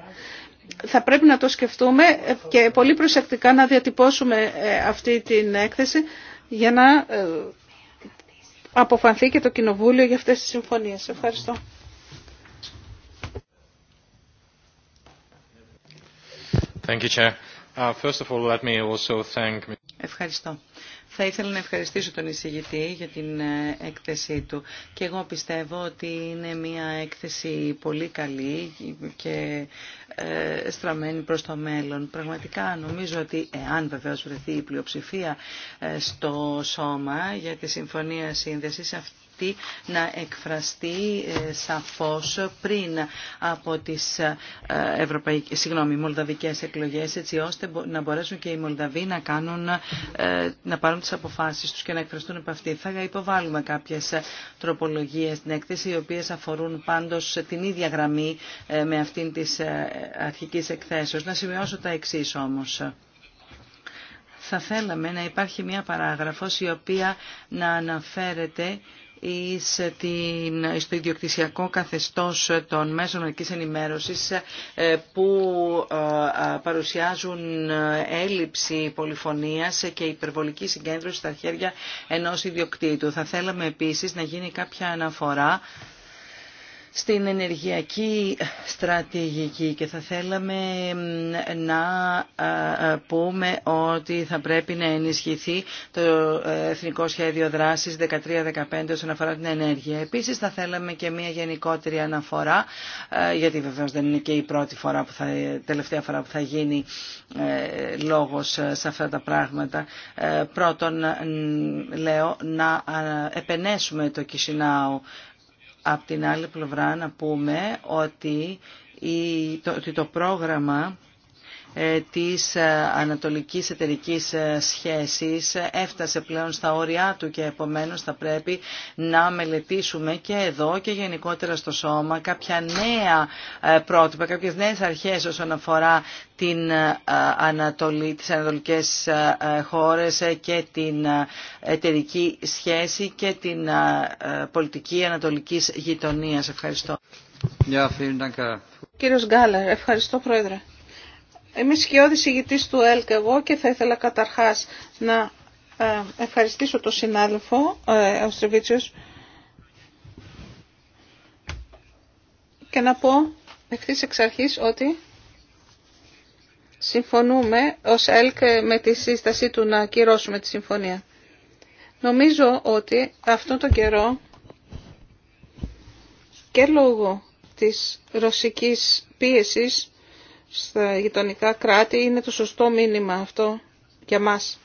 θα πρέπει να το σκεφτούμε και πολύ προσεκτικά να διατυπώσουμε ε, αυτή την έκθεση για να ε, αποφανθεί και το Κοινοβούλιο για αυτές τις συμφωνίες. Ευχαριστώ. Ευχαριστώ. Θα ήθελα να ευχαριστήσω τον εισηγητή για την ε, έκθεσή του και εγώ πιστεύω ότι είναι μια έκθεση πολύ καλή και ε, στραμμένη προς το μέλλον. Πραγματικά νομίζω ότι εάν βεβαίως βρεθεί η πλειοψηφία ε, στο σώμα για τη Συμφωνία Σύνδεσης, αυτή να εκφραστεί ε, σαφώς πριν από τις ε, ευρωπαϊκές, συγγνώμη, μολδαβικές εκλογές, έτσι ώστε να μπορέσουν και οι Μολδαβοί να, κάνουν, ε, να πάρουν τις αποφάσεις τους και να εκφραστούν από αυτή. Θα υποβάλουμε κάποιες τροπολογίες στην έκθεση, οι οποίες αφορούν πάντως την ίδια γραμμή με αυτήν της αρχικής εκθέσεως. Να σημειώσω τα εξή όμως θα θέλαμε να υπάρχει μια παράγραφος η οποία να αναφέρεται την, στο ιδιοκτησιακό καθεστώς των μέσων μερικής ενημέρωσης ε, που ε, ε, παρουσιάζουν έλλειψη πολυφωνίας και υπερβολική συγκέντρωση στα χέρια ενός ιδιοκτήτου. Θα θέλαμε επίσης να γίνει κάποια αναφορά στην ενεργειακή στρατηγική και θα θέλαμε να πούμε ότι θα πρέπει να ενισχυθεί το ε, Εθνικό Σχέδιο Δράσης 13-15 όσον αφορά την ενέργεια. Επίσης θα θέλαμε και μια γενικότερη αναφορά, ε, γιατί βεβαίως δεν είναι και η πρώτη φορά που θα, τελευταία φορά που θα γίνει ε, λόγος σε αυτά τα πράγματα. Πρώτον, λέω, να επενέσουμε το Κισινάου Απ' την άλλη πλευρά να πούμε ότι το πρόγραμμα ε, της ε, ανατολικής εταιρικής ε, σχέσης έφτασε πλέον στα όρια του και επομένως θα πρέπει να μελετήσουμε και εδώ και γενικότερα στο σώμα κάποια νέα πρότυπα, κάποιες νέες αρχές όσον αφορά την Ανατολή, τις ανατολικές χώρες και την εταιρική σχέση και την πολιτική ανατολικής γειτονίας. Ευχαριστώ. Κύριος Γκάλερ, ευχαριστώ Πρόεδρε. Είμαι σκιώδης ηγητής του ΕΛΚ εγώ και θα ήθελα καταρχάς να ε, ευχαριστήσω τον συνάδελφο ε, και να πω ευθύς εξ αρχής ότι συμφωνούμε ως ΕΛΚ με τη σύσταση του να ακυρώσουμε τη συμφωνία. Νομίζω ότι αυτόν τον καιρό και λόγω της ρωσικής πίεσης στα γειτονικά κράτη είναι το σωστό μήνυμα αυτό για μας.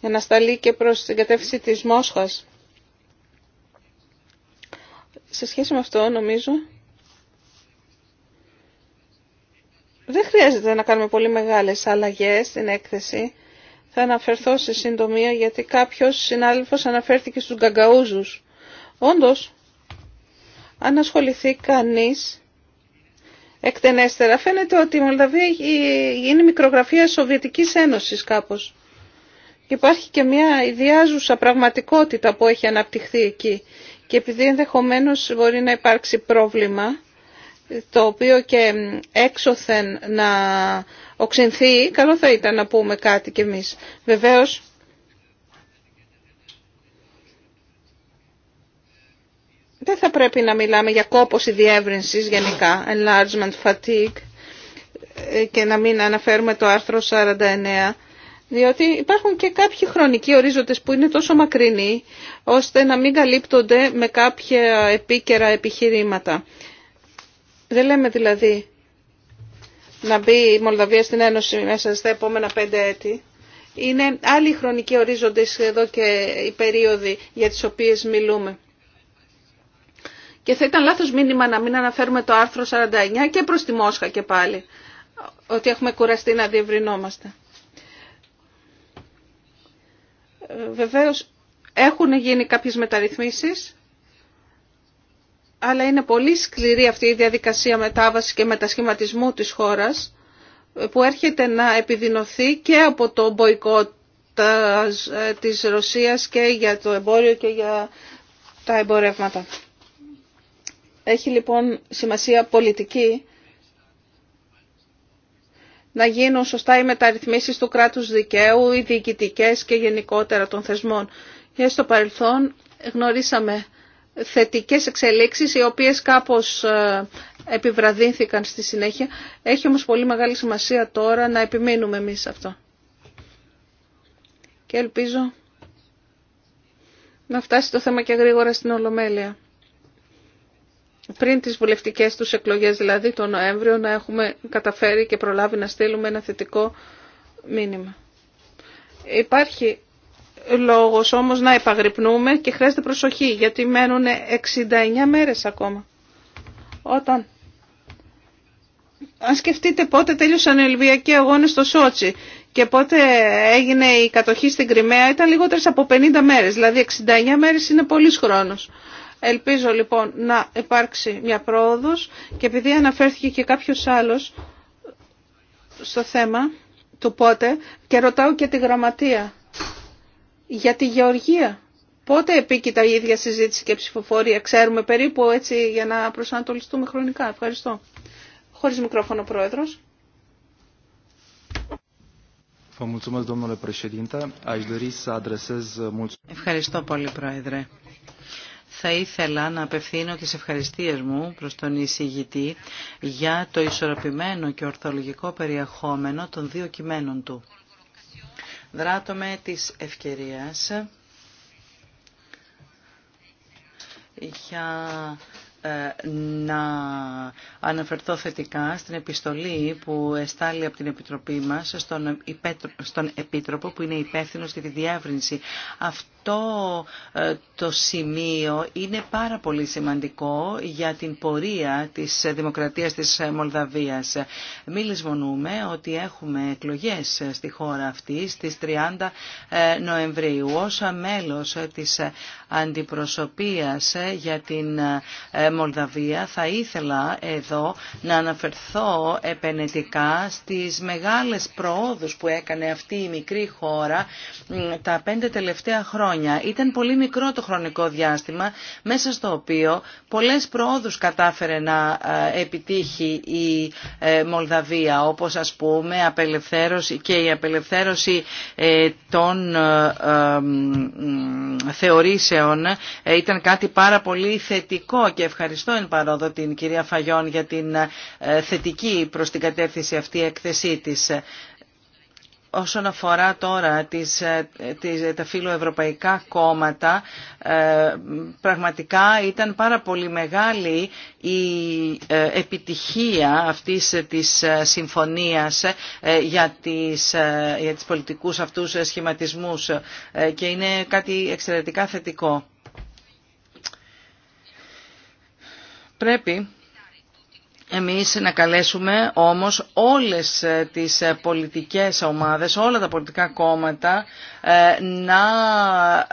Για να σταλεί και προς την κατεύθυνση της Μόσχας. Σε σχέση με αυτό νομίζω δεν χρειάζεται να κάνουμε πολύ μεγάλες αλλαγές στην έκθεση. Θα αναφερθώ σε συντομία γιατί κάποιος συνάδελφος αναφέρθηκε στους γκαγκαούζους. Όντως, αν ασχοληθεί κανείς εκτενέστερα. Φαίνεται ότι η Μολδαβία είναι μικρογραφία Σοβιετικής Ένωσης κάπως. Υπάρχει και μια ιδιάζουσα πραγματικότητα που έχει αναπτυχθεί εκεί. Και επειδή ενδεχομένω μπορεί να υπάρξει πρόβλημα, το οποίο και έξωθεν να οξυνθεί, καλό θα ήταν να πούμε κάτι κι εμείς. Βεβαίως, δεν θα πρέπει να μιλάμε για κόπωση διεύρυνσης γενικά, enlargement fatigue, ε, και να μην αναφέρουμε το άρθρο 49, διότι υπάρχουν και κάποιοι χρονικοί ορίζοντες που είναι τόσο μακρινοί, ώστε να μην καλύπτονται με κάποια επίκαιρα επιχειρήματα. Δεν λέμε δηλαδή να μπει η Μολδαβία στην Ένωση μέσα στα επόμενα πέντε έτη. Είναι άλλοι χρονικοί ορίζοντες εδώ και οι περίοδοι για τις οποίες μιλούμε. Και θα ήταν λάθος μήνυμα να μην αναφέρουμε το άρθρο 49 και προς τη Μόσχα και πάλι, ότι έχουμε κουραστεί να διευρυνόμαστε. Βεβαίως έχουν γίνει κάποιες μεταρρυθμίσεις, αλλά είναι πολύ σκληρή αυτή η διαδικασία μετάβαση και μετασχηματισμού της χώρας, που έρχεται να επιδεινωθεί και από το μποϊκότ της Ρωσίας και για το εμπόριο και για τα εμπορεύματα. Έχει λοιπόν σημασία πολιτική να γίνουν σωστά οι μεταρρυθμίσεις του κράτους δικαίου, οι διοικητικέ και γενικότερα των θεσμών. Και στο παρελθόν γνωρίσαμε θετικές εξελίξεις, οι οποίες κάπως ε, επιβραδύνθηκαν στη συνέχεια. Έχει όμως πολύ μεγάλη σημασία τώρα να επιμείνουμε εμείς αυτό. Και ελπίζω να φτάσει το θέμα και γρήγορα στην Ολομέλεια πριν τις βουλευτικές τους εκλογές, δηλαδή τον Νοέμβριο, να έχουμε καταφέρει και προλάβει να στείλουμε ένα θετικό μήνυμα. Υπάρχει λόγος όμως να επαγρυπνούμε και χρειάζεται προσοχή, γιατί μένουν 69 μέρες ακόμα. Όταν... Αν σκεφτείτε πότε τέλειωσαν οι ελβιακοί αγώνες στο Σότσι και πότε έγινε η κατοχή στην Κρυμαία, ήταν λιγότερες από 50 μέρες, δηλαδή 69 μέρες είναι πολύς χρόνος. Ελπίζω λοιπόν να υπάρξει μια πρόοδος και επειδή αναφέρθηκε και κάποιος άλλος στο θέμα του πότε και ρωτάω και τη γραμματεία για τη γεωργία. Πότε επίκειτα η ίδια συζήτηση και ψηφοφορία. Ξέρουμε περίπου έτσι για να προσανατολιστούμε χρονικά. Ευχαριστώ. Χωρίς μικρόφωνο πρόεδρος. Ευχαριστώ πολύ πρόεδρε θα ήθελα να απευθύνω τις ευχαριστίες μου προς τον εισηγητή για το ισορροπημένο και ορθολογικό περιεχόμενο των δύο κειμένων του. Δράτομαι της ευκαιρίας για ε, να αναφερθώ θετικά στην επιστολή που εστάλει από την Επιτροπή μας στον, Επίτροπο που είναι υπεύθυνο για τη διεύρυνση αυτού αυτό ε, το σημείο είναι πάρα πολύ σημαντικό για την πορεία της δημοκρατίας της Μολδαβίας. Μη λησμονούμε ότι έχουμε εκλογές στη χώρα αυτή στις 30 ε, Νοεμβρίου. Ως μέλος της αντιπροσωπείας για την ε, Μολδαβία θα ήθελα εδώ να αναφερθώ επενετικά στις μεγάλες προόδους που έκανε αυτή η μικρή χώρα τα πέντε τελευταία χρόνια ήταν πολύ μικρό το χρονικό διάστημα μέσα στο οποίο πολλές προόδους κατάφερε να ε, επιτύχει η ε, Μολδαβία όπως ας πούμε απελευθέρωση και η απελευθέρωση ε, των θεωρήσεων ήταν κάτι πάρα πολύ θετικό και ευχαριστώ εν παρόδο την κυρία Φαγιόν για την θετική προς την κατεύθυνση αυτή έκθεσή της. Όσον αφορά τώρα τις, ε, τις, ε, τα φιλοευρωπαϊκά κόμματα, ε, πραγματικά ήταν πάρα πολύ μεγάλη η επιτυχία αυτής της συμφωνίας για, τις, για τις πολιτικούς αυτούς σχηματισμούς και είναι κάτι εξαιρετικά θετικό. Πρέπει εμείς να καλέσουμε όμως όλες τις πολιτικές ομάδες, όλα τα πολιτικά κόμματα ε, να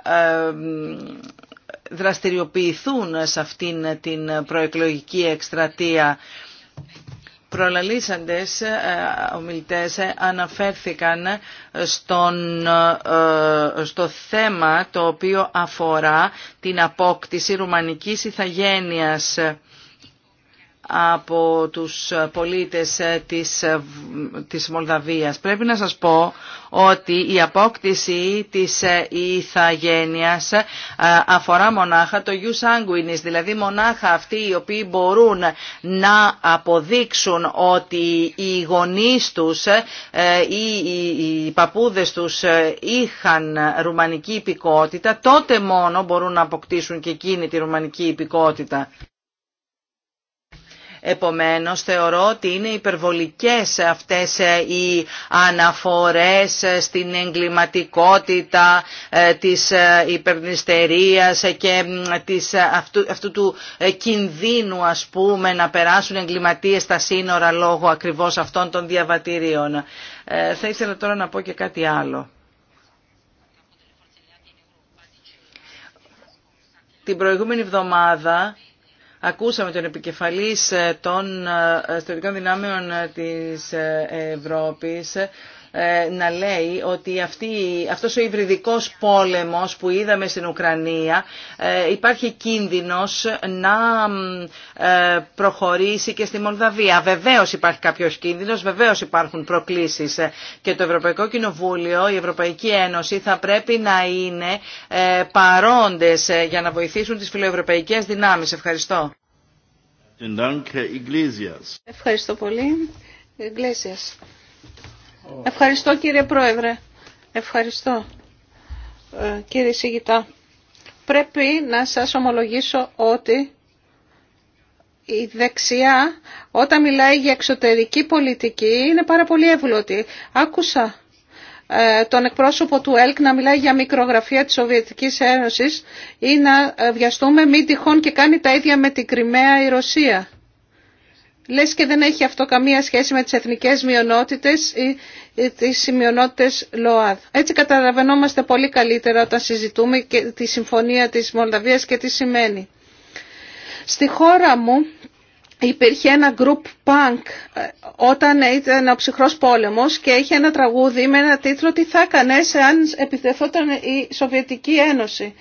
ε, δραστηριοποιηθούν σε αυτήν την προεκλογική εκστρατεία. Προλαλήσαντες ε, ομιλητές αναφέρθηκαν στον, στο θέμα το οποίο αφορά την απόκτηση ρουμανικής ηθαγένειας από τους πολίτες της, της Μολδαβίας. Πρέπει να σας πω ότι η απόκτηση της ηθαγένειας ε, αφορά μονάχα το γιου sanguinis», δηλαδή μονάχα αυτοί οι οποίοι μπορούν να αποδείξουν ότι οι γονείς τους ε, ή οι παππούδες τους ε, είχαν ρουμανική υπηκότητα, τότε μόνο μπορούν να αποκτήσουν και εκείνη τη ρουμανική υπηκότητα. Επομένως θεωρώ ότι είναι υπερβολικές αυτές ε, οι αναφορές ε, στην εγκληματικότητα ε, της υπερνηστερίας και της, αυτού, του κινδύνου ας πούμε να περάσουν εγκληματίες στα σύνορα λόγω ακριβώς αυτών των διαβατηρίων. Θα ήθελα τώρα να πω και κάτι άλλο. Την προηγούμενη εβδομάδα Ακούσαμε τον επικεφαλής ε, των ε, στρατιωτικών δυνάμεων ε, της Ευρώπης ε, να λέει ότι αυτή, αυτός ο υβριδικός πόλεμος που είδαμε στην Ουκρανία ε, υπάρχει κίνδυνος να ε, προχωρήσει και στη Μολδαβία. Βεβαίως υπάρχει κάποιος κίνδυνος, βεβαίως υπάρχουν προκλήσεις και το Ευρωπαϊκό Κοινοβούλιο, η Ευρωπαϊκή Ένωση θα πρέπει να είναι παρόντες για να βοηθήσουν τις φιλοευρωπαϊκές δυνάμεις. Ευχαριστώ. Ευχαριστώ πολύ. Ευχαριστώ κύριε Πρόεδρε. Ευχαριστώ ε, κύριε Σιγητά. Πρέπει να σας ομολογήσω ότι η δεξιά όταν μιλάει για εξωτερική πολιτική είναι πάρα πολύ Άκουσα ε, τον εκπρόσωπο του ΕΛΚ να μιλάει για μικρογραφία της Σοβιετικής Ένωσης ή να ε, βιαστούμε μη τυχόν και κάνει τα ίδια με την Κρυμαία η Ρωσία. Λες και δεν έχει αυτό καμία σχέση με τις εθνικές μειονότητες ή τις μειονότητες ΛΟΑΔ. Έτσι καταλαβαίνόμαστε πολύ καλύτερα όταν συζητούμε και τη συμφωνία της Μολδαβίας και τι σημαίνει. Στη χώρα μου υπήρχε ένα group punk ε, όταν ήταν ο ψυχρός πόλεμος και είχε ένα τραγούδι με ένα τίτλο «Τι θα έκανες αν επιτεθόταν η Σοβιετική Ένωση»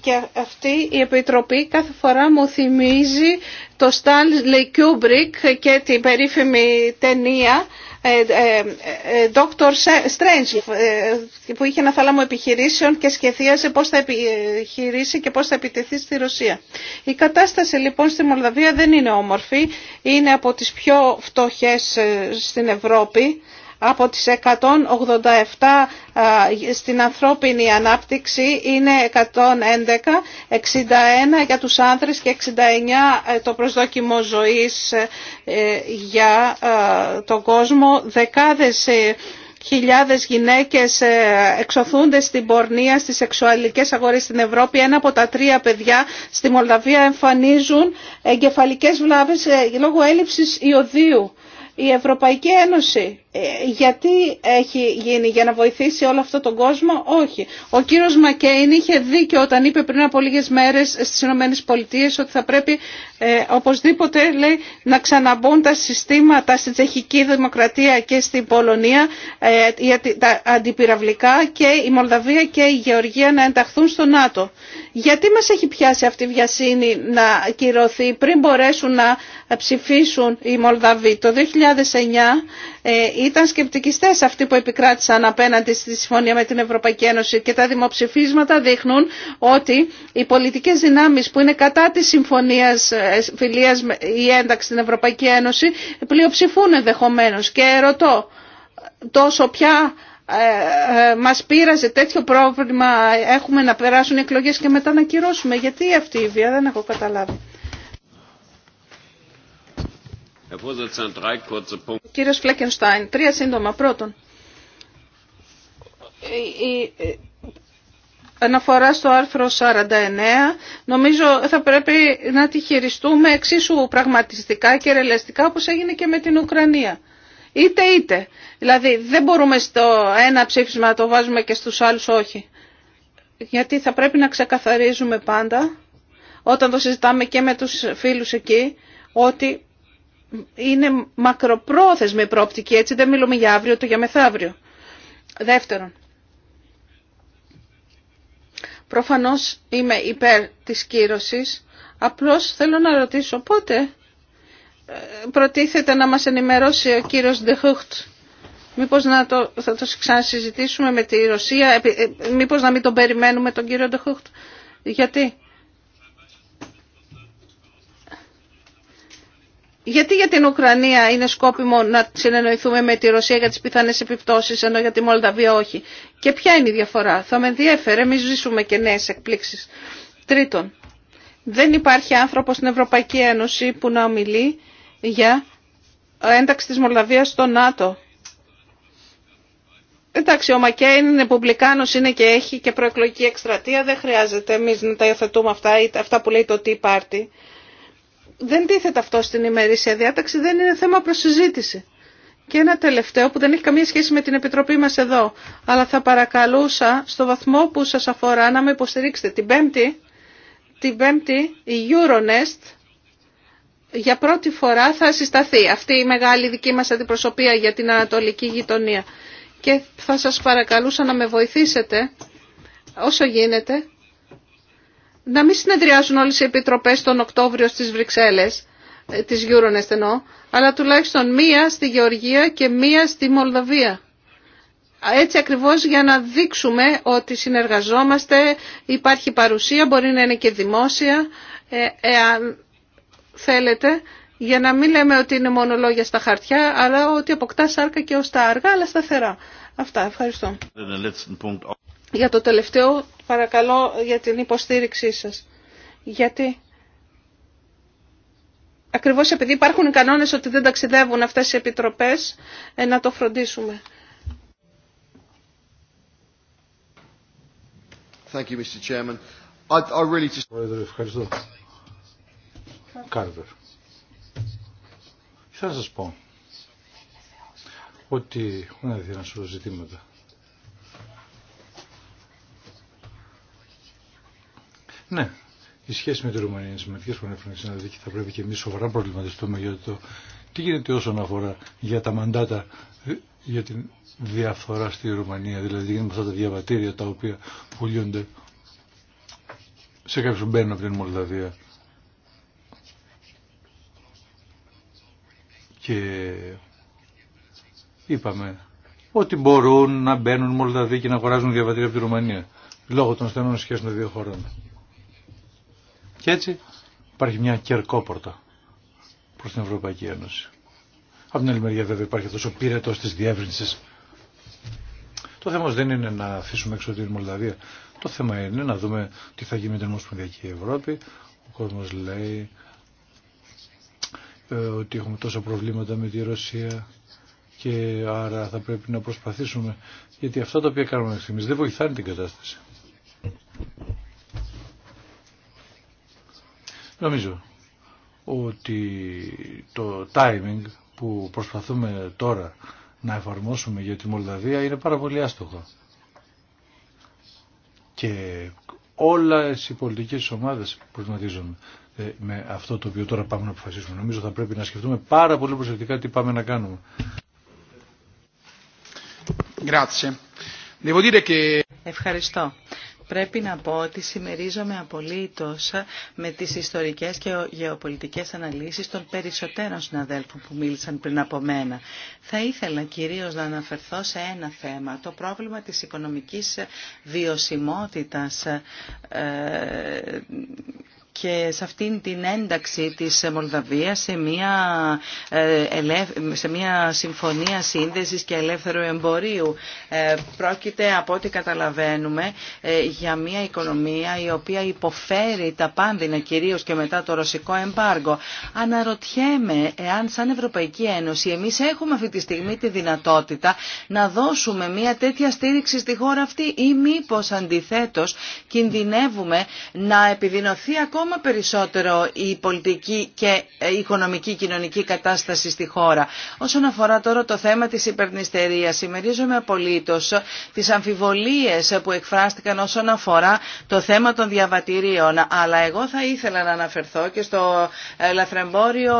και αυτή η Επιτροπή κάθε φορά μου θυμίζει το Stanley Kubrick και την περίφημη ταινία ε, ε, ε, Dr. Strange που είχε ένα θάλαμο επιχειρήσεων και σχεδίαζε πώς θα επιχειρήσει και πώς θα επιτεθεί στη Ρωσία. Η κατάσταση λοιπόν στη Μολδαβία δεν είναι όμορφη, είναι από τις πιο φτωχές στην Ευρώπη από τις 187 στην ανθρώπινη ανάπτυξη είναι 111, 61 για τους άνδρες και 69 ε, το προσδόκιμο ζωής ε, για ε, τον κόσμο. Δεκάδες χιλιάδες γυναίκες εξωθούνται στην πορνεία, στις σεξουαλικές αγορές στην Ευρώπη. Ένα από τα τρία παιδιά στη Μολδαβία εμφανίζουν εγκεφαλικές βλάβες λόγω έλλειψης ιωδίου η Ευρωπαϊκή Ένωση ε, γιατί έχει γίνει για να βοηθήσει όλο αυτό τον κόσμο. Όχι. Ο κύριος Μακέιν είχε δίκιο όταν είπε πριν από λίγες μέρες στις Ηνωμένες Πολιτείες ότι θα πρέπει ε, οπωσδήποτε να ξαναμπούν τα συστήματα στη Τσεχική Δημοκρατία και στην Πολωνία ε, τα αντιπυραυλικά και η Μολδαβία και η Γεωργία να ενταχθούν στο ΝΑΤΟ. Γιατί μας έχει πιάσει αυτή η βιασύνη να κυρωθεί πριν μπορέσουν να ψηφίσουν οι Μολδαβοί. Το 2009 ε, ήταν σκεπτικιστές αυτοί που επικράτησαν απέναντι στη συμφωνία με την Ευρωπαϊκή Ένωση και τα δημοψηφίσματα δείχνουν ότι οι πολιτικές δυνάμεις που είναι κατά της συμφωνίας ε, φιλίας ή ένταξη στην Ευρωπαϊκή Ένωση πλειοψηφούν ενδεχομένω. Και ρωτώ τόσο πια ε, μας πείραζε τέτοιο πρόβλημα έχουμε να περάσουν εκλογές και μετά να κυρώσουμε. Γιατί αυτή η βία δεν έχω καταλάβει. Κύριος Φλέκενστάιν, τρία σύντομα. Πρώτον, η αναφορά στο άρθρο 49, νομίζω θα πρέπει να τη χειριστούμε εξίσου πραγματιστικά και ρελεστικά όπως έγινε και με την Ουκρανία. Είτε είτε. Δηλαδή δεν μπορούμε στο ένα ψήφισμα να το βάζουμε και στους άλλους όχι. Γιατί θα πρέπει να ξεκαθαρίζουμε πάντα, όταν το συζητάμε και με τους φίλους εκεί, ότι είναι μακροπρόθεσμη προοπτική, έτσι δεν μιλούμε για αύριο, το για μεθαύριο. Δεύτερον, προφανώς είμαι υπέρ της κύρωσης, απλώς θέλω να ρωτήσω πότε ε, προτίθεται να μας ενημερώσει ο κύριος Ντεχούχτ. Μήπως να το, θα το ξανασυζητήσουμε με τη Ρωσία, ε, μήπως να μην τον περιμένουμε τον κύριο Ντεχούχτ. Γιατί Γιατί για την Ουκρανία είναι σκόπιμο να συνεννοηθούμε με τη Ρωσία για τις πιθανές επιπτώσεις, ενώ για τη Μολδαβία όχι. Και ποια είναι η διαφορά. Θα με ενδιαφέρε, εμεί ζήσουμε και νέες εκπλήξεις. Τρίτον, δεν υπάρχει άνθρωπο στην Ευρωπαϊκή Ένωση που να μιλεί για ένταξη της Μολδαβίας στο ΝΑΤΟ. Εντάξει, ο Μακέιν είναι πουμπλικάνο, είναι και έχει και προεκλογική εκστρατεία, δεν χρειάζεται εμεί να τα υιοθετούμε αυτά, αυτά που λέει το Tea Party δεν τίθεται αυτό στην ημερήσια διάταξη, δεν είναι θέμα προσυζήτηση. Και ένα τελευταίο που δεν έχει καμία σχέση με την Επιτροπή μας εδώ, αλλά θα παρακαλούσα στο βαθμό που σας αφορά να με υποστηρίξετε. Την Πέμπτη, την πέμπτη η Euronest για πρώτη φορά θα συσταθεί αυτή η μεγάλη δική μας αντιπροσωπεία για την Ανατολική Γειτονία. Και θα σας παρακαλούσα να με βοηθήσετε όσο γίνεται να μην συνεδριάσουν όλες οι επιτροπές τον Οκτώβριο στις Βρυξέλλες, ε, της Euronest εννοώ, αλλά τουλάχιστον μία στη Γεωργία και μία στη Μολδαβία. Έτσι ακριβώς για να δείξουμε ότι συνεργαζόμαστε, υπάρχει παρουσία, μπορεί να είναι και δημόσια, ε, εάν θέλετε, για να μην λέμε ότι είναι μόνο λόγια στα χαρτιά, αλλά ότι αποκτά σάρκα και ως τα αργά, αλλά σταθερά. Αυτά, ευχαριστώ για το τελευταίο παρακαλώ για την υποστήριξή σας. Γιατί ακριβώς επειδή υπάρχουν οι κανόνες ότι δεν ταξιδεύουν αυτές οι επιτροπές, ε, να το φροντίσουμε. Thank you, Mr. Chairman. I, really just... Πρόεδρε, ευχαριστώ. Κάρβερ. Θα σας πω ότι έχουν να ζητήματα Ναι, η σχέση με τη Ρουμανία είναι σημαντική που είναι και θα πρέπει και εμεί σοβαρά να προβληματιστούμε για το τι γίνεται όσον αφορά για τα μαντάτα για την διαφθορά στη Ρουμανία. Δηλαδή, τι γίνεται με αυτά τα διαβατήρια τα οποία πουλούνται σε κάποιου που μπαίνουν από την Μολδαβία. Και είπαμε ότι μπορούν να μπαίνουν Μολδαβοί και να αγοράζουν διαβατήρια από τη Ρουμανία λόγω των στενών σχέσεων των δύο χωρών. Και έτσι υπάρχει μια κερκόπορτα προ την Ευρωπαϊκή Ένωση. Από την άλλη μεριά βέβαια υπάρχει τόσο ο πύρετο τη διεύρυνση. Το θέμα δεν είναι να αφήσουμε έξω την Μολδαβία. Το θέμα είναι να δούμε τι θα γίνει με την Ομοσπονδιακή Ευρώπη. Ο κόσμο λέει ε, ότι έχουμε τόσα προβλήματα με τη Ρωσία και άρα θα πρέπει να προσπαθήσουμε γιατί αυτά τα οποία κάνουμε εμείς δεν βοηθάνε την κατάσταση. Νομίζω ότι το timing που προσπαθούμε τώρα να εφαρμόσουμε για τη Μολδαβία είναι πάρα πολύ άστοχο. Και όλα οι πολιτικές ομάδες προβληματίζουν ε, με αυτό το οποίο τώρα πάμε να αποφασίσουμε. Νομίζω θα πρέπει να σκεφτούμε πάρα πολύ προσεκτικά τι πάμε να κάνουμε. Ευχαριστώ πρέπει να πω ότι συμμερίζομαι απολύτως με τις ιστορικές και γεωπολιτικές αναλύσεις των περισσότερων συναδέλφων που μίλησαν πριν από μένα. Θα ήθελα κυρίως να αναφερθώ σε ένα θέμα, το πρόβλημα της οικονομικής βιωσιμότητας ε, και σε αυτήν την ένταξη της Μολδαβίας σε μια, ε, σε μια συμφωνία σύνδεσης και ελεύθερου εμπορίου. Ε, πρόκειται από ό,τι καταλαβαίνουμε ε, για μια οικονομία η οποία υποφέρει τα πάνδυνα κυρίως και μετά το ρωσικό εμπάργο. Αναρωτιέμαι εάν σαν Ευρωπαϊκή Ένωση εμείς έχουμε αυτή τη στιγμή τη δυνατότητα να δώσουμε μια τέτοια στήριξη στη χώρα αυτή ή μήπως αντιθέτως κινδυνεύουμε να επιδεινωθεί ακόμα ακόμα περισσότερο η πολιτική και η οικονομική κοινωνική κατάσταση στη χώρα. Όσον αφορά τώρα το θέμα της υπερνηστερίας, συμμερίζομαι απολύτως τις αμφιβολίες που εκφράστηκαν όσον αφορά το θέμα των διαβατηρίων. Αλλά εγώ θα ήθελα να αναφερθώ και στο ε, λαθρεμπόριο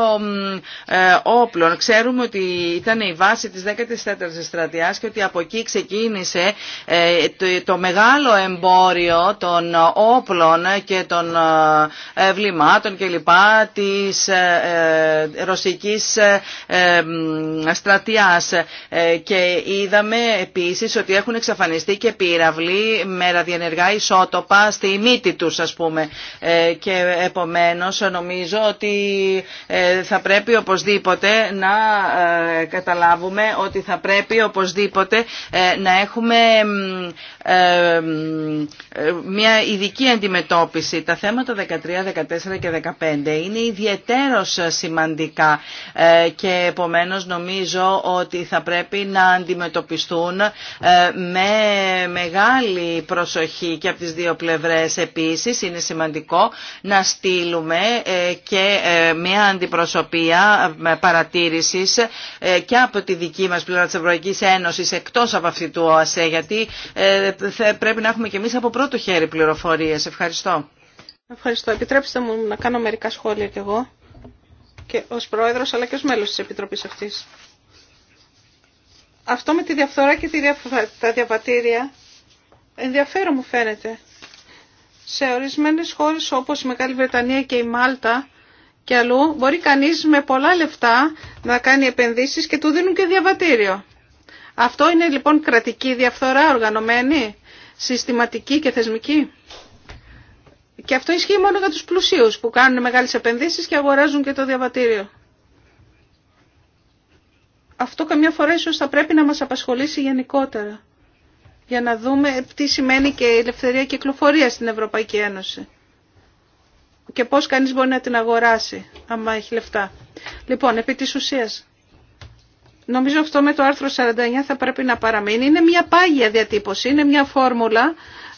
ε, όπλων. Ξέρουμε ότι ήταν η βάση της 14ης στρατιάς και ότι από εκεί ξεκίνησε ε, το μεγάλο εμπόριο των όπλων και των βλημάτων κλπ. της ε, ε, ρωσικής ε, στρατιάς. Και είδαμε επίσης ότι έχουν εξαφανιστεί και πύραυλοι με ραδιενεργά ισότοπα στη μύτη τους ας πούμε. Και επομένως νομίζω ότι θα πρέπει οπωσδήποτε να καταλάβουμε ότι θα πρέπει οπωσδήποτε να έχουμε μια ειδική αντιμετώπιση. Τα θέματα 13, 14 και 15 είναι ιδιαίτερος σημαντικά ε, και επομένως νομίζω ότι θα πρέπει να αντιμετωπιστούν ε, με μεγάλη προσοχή και από τις δύο πλευρές επίσης είναι σημαντικό να στείλουμε ε, και μια αντιπροσωπεία παρατήρησης και από τη δική μας πλευρά της Ευρωπαϊκής Ένωσης εκτός από αυτή του ΟΑΣΕ γιατί πρέπει να έχουμε και εμείς από πρώτο χέρι πληροφορίες. Ευχαριστώ. Ευχαριστώ. Επιτρέψτε μου να κάνω μερικά σχόλια κι εγώ και ως πρόεδρος αλλά και ως μέλος της Επιτροπής αυτής. Αυτό με τη διαφθορά και τα διαβατήρια ενδιαφέρον μου φαίνεται. Σε ορισμένες χώρες όπως η Μεγάλη Βρετανία και η Μάλτα και αλλού μπορεί κανείς με πολλά λεφτά να κάνει επενδύσεις και του δίνουν και διαβατήριο. Αυτό είναι λοιπόν κρατική διαφθορά οργανωμένη, συστηματική και θεσμική. Και αυτό ισχύει μόνο για τους πλουσίους που κάνουν μεγάλες επενδύσεις και αγοράζουν και το διαβατήριο. Αυτό καμιά φορά ίσως θα πρέπει να μας απασχολήσει γενικότερα για να δούμε τι σημαίνει και η ελευθερία κυκλοφορία στην Ευρωπαϊκή Ένωση και πώς κανείς μπορεί να την αγοράσει άμα έχει λεφτά. Λοιπόν, επί της ουσίας, νομίζω αυτό με το άρθρο 49 θα πρέπει να παραμείνει. Είναι μια πάγια διατύπωση, είναι μια φόρμουλα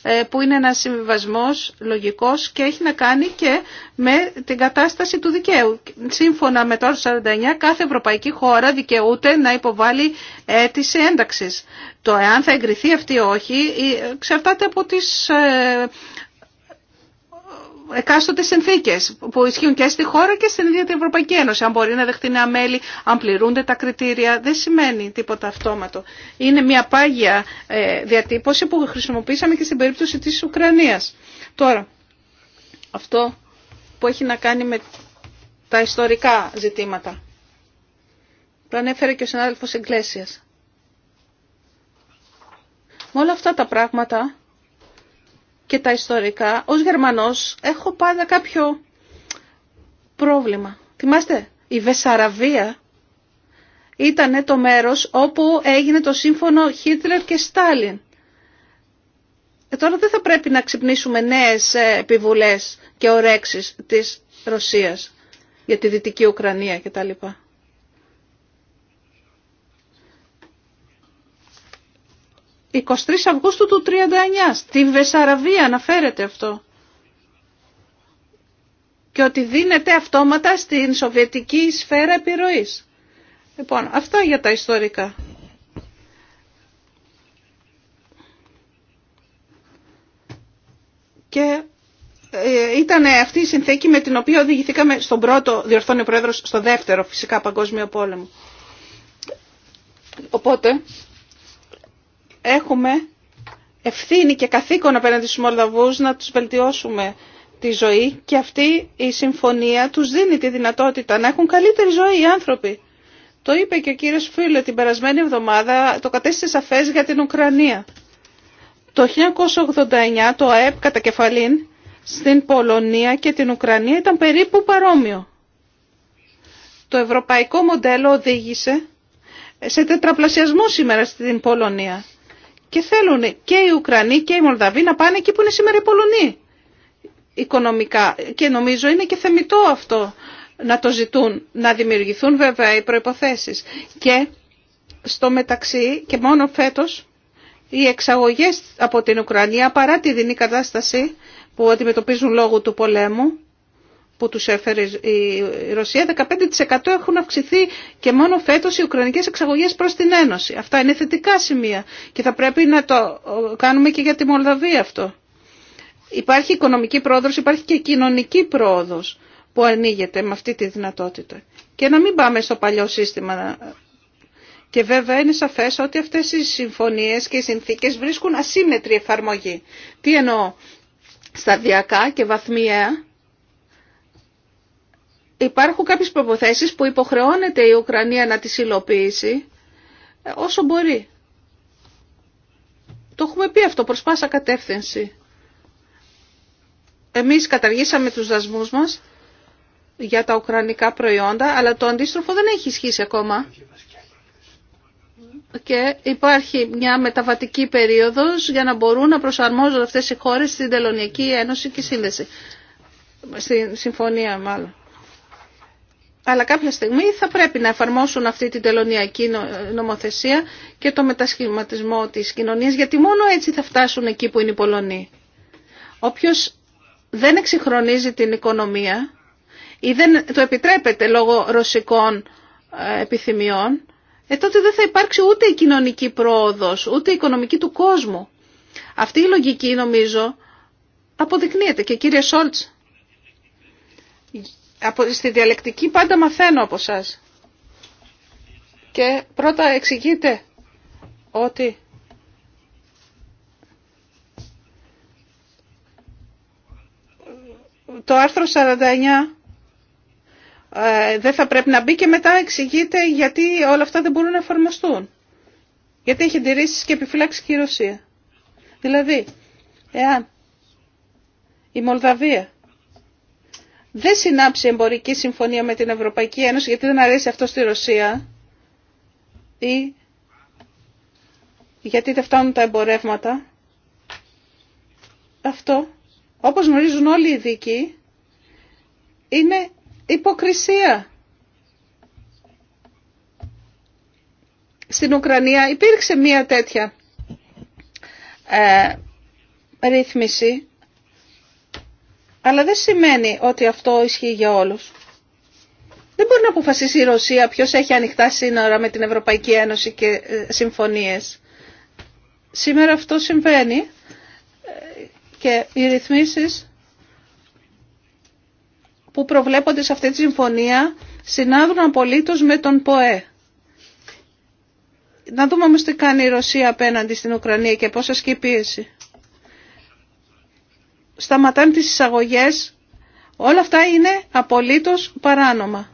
ε, που είναι ένας συμβιβασμός λογικός και έχει να κάνει και με την κατάσταση του δικαίου. Σύμφωνα με το 49, κάθε ευρωπαϊκή χώρα δικαιούται να υποβάλει αίτηση ένταξης. Το εάν θα εγκριθεί αυτή ή όχι, ε, εξαρτάται από τις ε, εκάστοτε συνθήκες που ισχύουν και στη χώρα και στην ίδια την Ευρωπαϊκή Ένωση. Αν μπορεί να δεχτεί νέα μέλη, αν πληρούνται τα κριτήρια, δεν σημαίνει τίποτα αυτόματο. Είναι μια πάγια ε, διατύπωση που χρησιμοποίησαμε και στην περίπτωση της Ουκρανίας. Τώρα, αυτό που έχει να κάνει με τα ιστορικά ζητήματα. Το ανέφερε και ο συνάδελφος Εγκλέσιας. Με όλα αυτά τα πράγματα και τα ιστορικά, ως Γερμανός έχω πάντα κάποιο πρόβλημα. Θυμάστε, η Βεσαραβία ήταν το μέρος όπου έγινε το σύμφωνο Χίτλερ και Στάλιν. Ε, τώρα δεν θα πρέπει να ξυπνήσουμε νέες ε, επιβουλές και ορέξεις της Ρωσίας για τη Δυτική Ουκρανία κτλ. 23 Αυγούστου του 39. Στη βεσαραβία αναφέρεται αυτό. Και ότι δίνεται αυτόματα στην σοβιετική σφαίρα επιρροής. Λοιπόν, αυτά για τα ιστορικά. Και ε, ήταν αυτή η συνθήκη με την οποία οδηγηθήκαμε στον πρώτο, διορθώνει ο Πρόεδρος, στο δεύτερο φυσικά παγκόσμιο πόλεμο. Οπότε, έχουμε ευθύνη και καθήκον απέναντι στους Μολδαβούς να τους βελτιώσουμε τη ζωή και αυτή η συμφωνία τους δίνει τη δυνατότητα να έχουν καλύτερη ζωή οι άνθρωποι. Το είπε και ο κύριος Φίλε την περασμένη εβδομάδα, το κατέστησε σαφές για την Ουκρανία. Το 1989 το ΑΕΠ κατά κεφαλήν στην Πολωνία και την Ουκρανία ήταν περίπου παρόμοιο. Το ευρωπαϊκό μοντέλο οδήγησε σε τετραπλασιασμό σήμερα στην Πολωνία. Και θέλουν και οι Ουκρανοί και οι Μολδαβοί να πάνε εκεί που είναι σήμερα οι Πολωνοί οικονομικά. Και νομίζω είναι και θεμητό αυτό να το ζητούν, να δημιουργηθούν βέβαια οι προϋποθέσεις. Και στο μεταξύ και μόνο φέτος οι εξαγωγές από την Ουκρανία παρά τη δινή κατάσταση που αντιμετωπίζουν λόγω του πολέμου που τους έφερε η Ρωσία, 15% έχουν αυξηθεί και μόνο φέτος οι ουκρανικές εξαγωγές προς την Ένωση. Αυτά είναι θετικά σημεία και θα πρέπει να το κάνουμε και για τη Μολδαβία αυτό. Υπάρχει οικονομική πρόοδος, υπάρχει και κοινωνική πρόοδος που ανοίγεται με αυτή τη δυνατότητα. Και να μην πάμε στο παλιό σύστημα. Και βέβαια είναι σαφές ότι αυτές οι συμφωνίες και οι συνθήκες βρίσκουν ασύμετρη εφαρμογή. Τι εννοώ, σταδιακά και βαθμιαία υπάρχουν κάποιες προποθέσεις που υποχρεώνεται η Ουκρανία να τις υλοποιήσει ε, όσο μπορεί. Το έχουμε πει αυτό προς πάσα κατεύθυνση. Εμείς καταργήσαμε τους δασμούς μας για τα ουκρανικά προϊόντα, αλλά το αντίστροφο δεν έχει ισχύσει ακόμα. Και υπάρχει μια μεταβατική περίοδος για να μπορούν να προσαρμόζονται αυτές οι χώρες στην Τελωνιακή Ένωση και Σύνδεση. Στην συμφωνία μάλλον αλλά κάποια στιγμή θα πρέπει να εφαρμόσουν αυτή την τελωνιακή νομοθεσία και το μετασχηματισμό της κοινωνίας, γιατί μόνο έτσι θα φτάσουν εκεί που είναι οι Πολωνοί. Όποιος δεν εξυγχρονίζει την οικονομία ή δεν το επιτρέπεται λόγω ρωσικών ε, επιθυμιών, ε, τότε δεν θα υπάρξει ούτε η κοινωνική πρόοδος, ούτε η οικονομική του κόσμου. Αυτή η λογική νομίζω αποδεικνύεται και κύριε Σόλτς από, στη διαλεκτική πάντα μαθαίνω από εσά. Και πρώτα εξηγείτε ότι το άρθρο 49 ε, δεν θα πρέπει να μπει και μετά εξηγείτε γιατί όλα αυτά δεν μπορούν να εφαρμοστούν. Γιατί έχει εντηρήσει και επιφυλάξει και η Ρωσία. Δηλαδή, εάν η Μολδαβία δεν συνάψει εμπορική συμφωνία με την Ευρωπαϊκή Ένωση γιατί δεν αρέσει αυτό στη Ρωσία ή γιατί δεν φτάνουν τα εμπορεύματα. Αυτό, όπως γνωρίζουν όλοι οι δίκοι, είναι υποκρισία. Στην Ουκρανία υπήρξε μία τέτοια ε, ρύθμιση αλλά δεν σημαίνει ότι αυτό ισχύει για όλους. Δεν μπορεί να αποφασίσει η Ρωσία ποιος έχει ανοιχτά σύνορα με την Ευρωπαϊκή Ένωση και ε, συμφωνίες. Σήμερα αυτό συμβαίνει ε, και οι ρυθμίσεις που προβλέπονται σε αυτή τη συμφωνία συνάδουν απολύτως με τον ΠΟΕ. Να δούμε όμως τι κάνει η Ρωσία απέναντι στην Ουκρανία και πώς ασκεί πίεση σταματάνε τις εισαγωγές. Όλα αυτά είναι απολύτως παράνομα.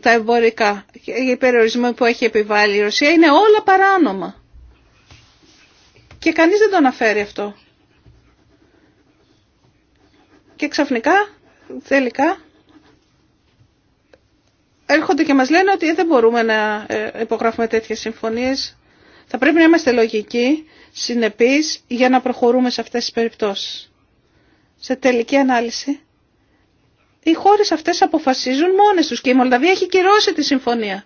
Τα εμπορικά και οι περιορισμοί που έχει επιβάλει η Ρωσία είναι όλα παράνομα. Και κανείς δεν το αναφέρει αυτό. Και ξαφνικά, τελικά, έρχονται και μας λένε ότι δεν μπορούμε να ε, υπογράφουμε τέτοιες συμφωνίες. Θα πρέπει να είμαστε λογικοί συνεπείς για να προχωρούμε σε αυτές τις περιπτώσεις. Σε τελική ανάλυση, οι χώρες αυτές αποφασίζουν μόνες τους και η Μολδαβία έχει κυρώσει τη συμφωνία.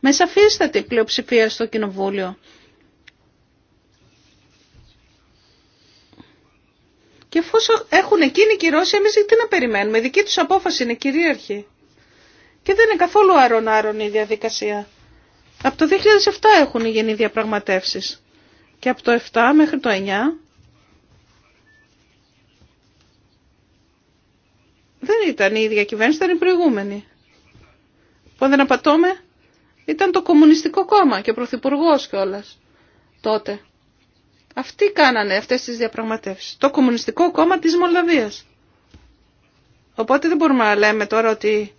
Με σαφίστατη πλειοψηφία στο Κοινοβούλιο. Και εφόσον έχουν εκείνη κυρώσει, εμείς τι να περιμένουμε. Η δική τους απόφαση είναι κυρίαρχη. Και δεν είναι καθόλου άρον-άρον η διαδικασία. Από το 2007 έχουν γίνει διαπραγματεύσεις και από το 7 μέχρι το 9 δεν ήταν η ίδια κυβέρνηση, ήταν η προηγούμενη. Που δεν απατώμε, ήταν το Κομμουνιστικό Κόμμα και ο Πρωθυπουργό κιόλα τότε. Αυτοί κάνανε αυτές τις διαπραγματεύσεις. Το Κομμουνιστικό Κόμμα της Μολδαβίας. Οπότε δεν μπορούμε να λέμε τώρα ότι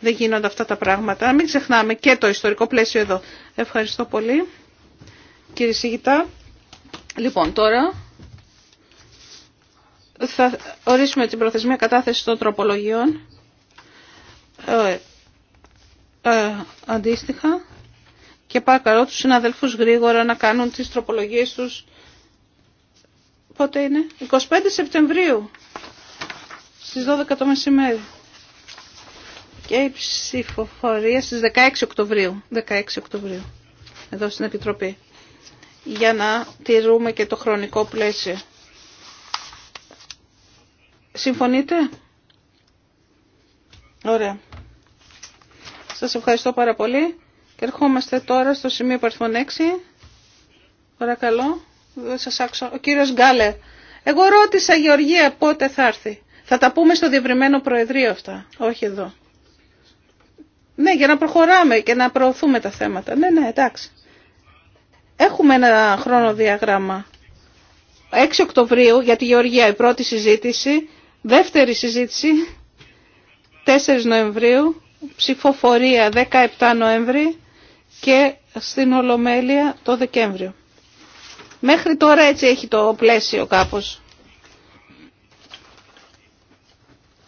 δεν γίνονται αυτά τα πράγματα. Να μην ξεχνάμε και το ιστορικό πλαίσιο εδώ. Ευχαριστώ πολύ. Κύριε Σιγητά. Λοιπόν, τώρα θα ορίσουμε την προθεσμία κατάθεση των τροπολογιών ε, ε, αντίστοιχα και παρακαλώ τους συναδελφούς γρήγορα να κάνουν τις τροπολογίες τους πότε είναι 25 Σεπτεμβρίου στις 12 το μεσημέρι και η ψηφοφορία στις 16 Οκτωβρίου 16 Οκτωβρίου εδώ στην Επιτροπή για να τηρούμε και το χρονικό πλαίσιο. Συμφωνείτε? Ωραία. Σας ευχαριστώ πάρα πολύ. Και ερχόμαστε τώρα στο σημείο παρθμόν 6. Παρακαλώ. Δεν σας άκουσα. Ο κύριος Γκάλε. Εγώ ρώτησα Γεωργία πότε θα έρθει. Θα τα πούμε στο διευρυμένο προεδρείο αυτά. Όχι εδώ. Ναι, για να προχωράμε και να προωθούμε τα θέματα. Ναι, ναι, εντάξει. Έχουμε ένα χρονοδιαγράμμα. 6 Οκτωβρίου για τη Γεωργία η πρώτη συζήτηση, δεύτερη συζήτηση 4 Νοεμβρίου, ψηφοφορία 17 Νοέμβρη και στην Ολομέλεια το Δεκέμβριο. Μέχρι τώρα έτσι έχει το πλαίσιο κάπως.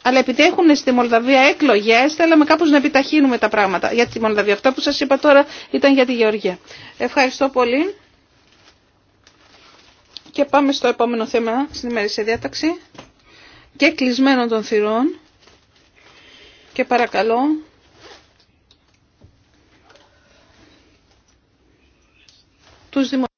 Αλλά επειδή έχουν στη Μολδαβία εκλογέ, θέλαμε κάπω να επιταχύνουμε τα πράγματα για τη Μολδαβία. Αυτά που σα είπα τώρα ήταν για τη Γεωργία. Ευχαριστώ πολύ. Και πάμε στο επόμενο θέμα στην ημερήσια διάταξη. Και κλεισμένο των θυρών. Και παρακαλώ. Τους δημο...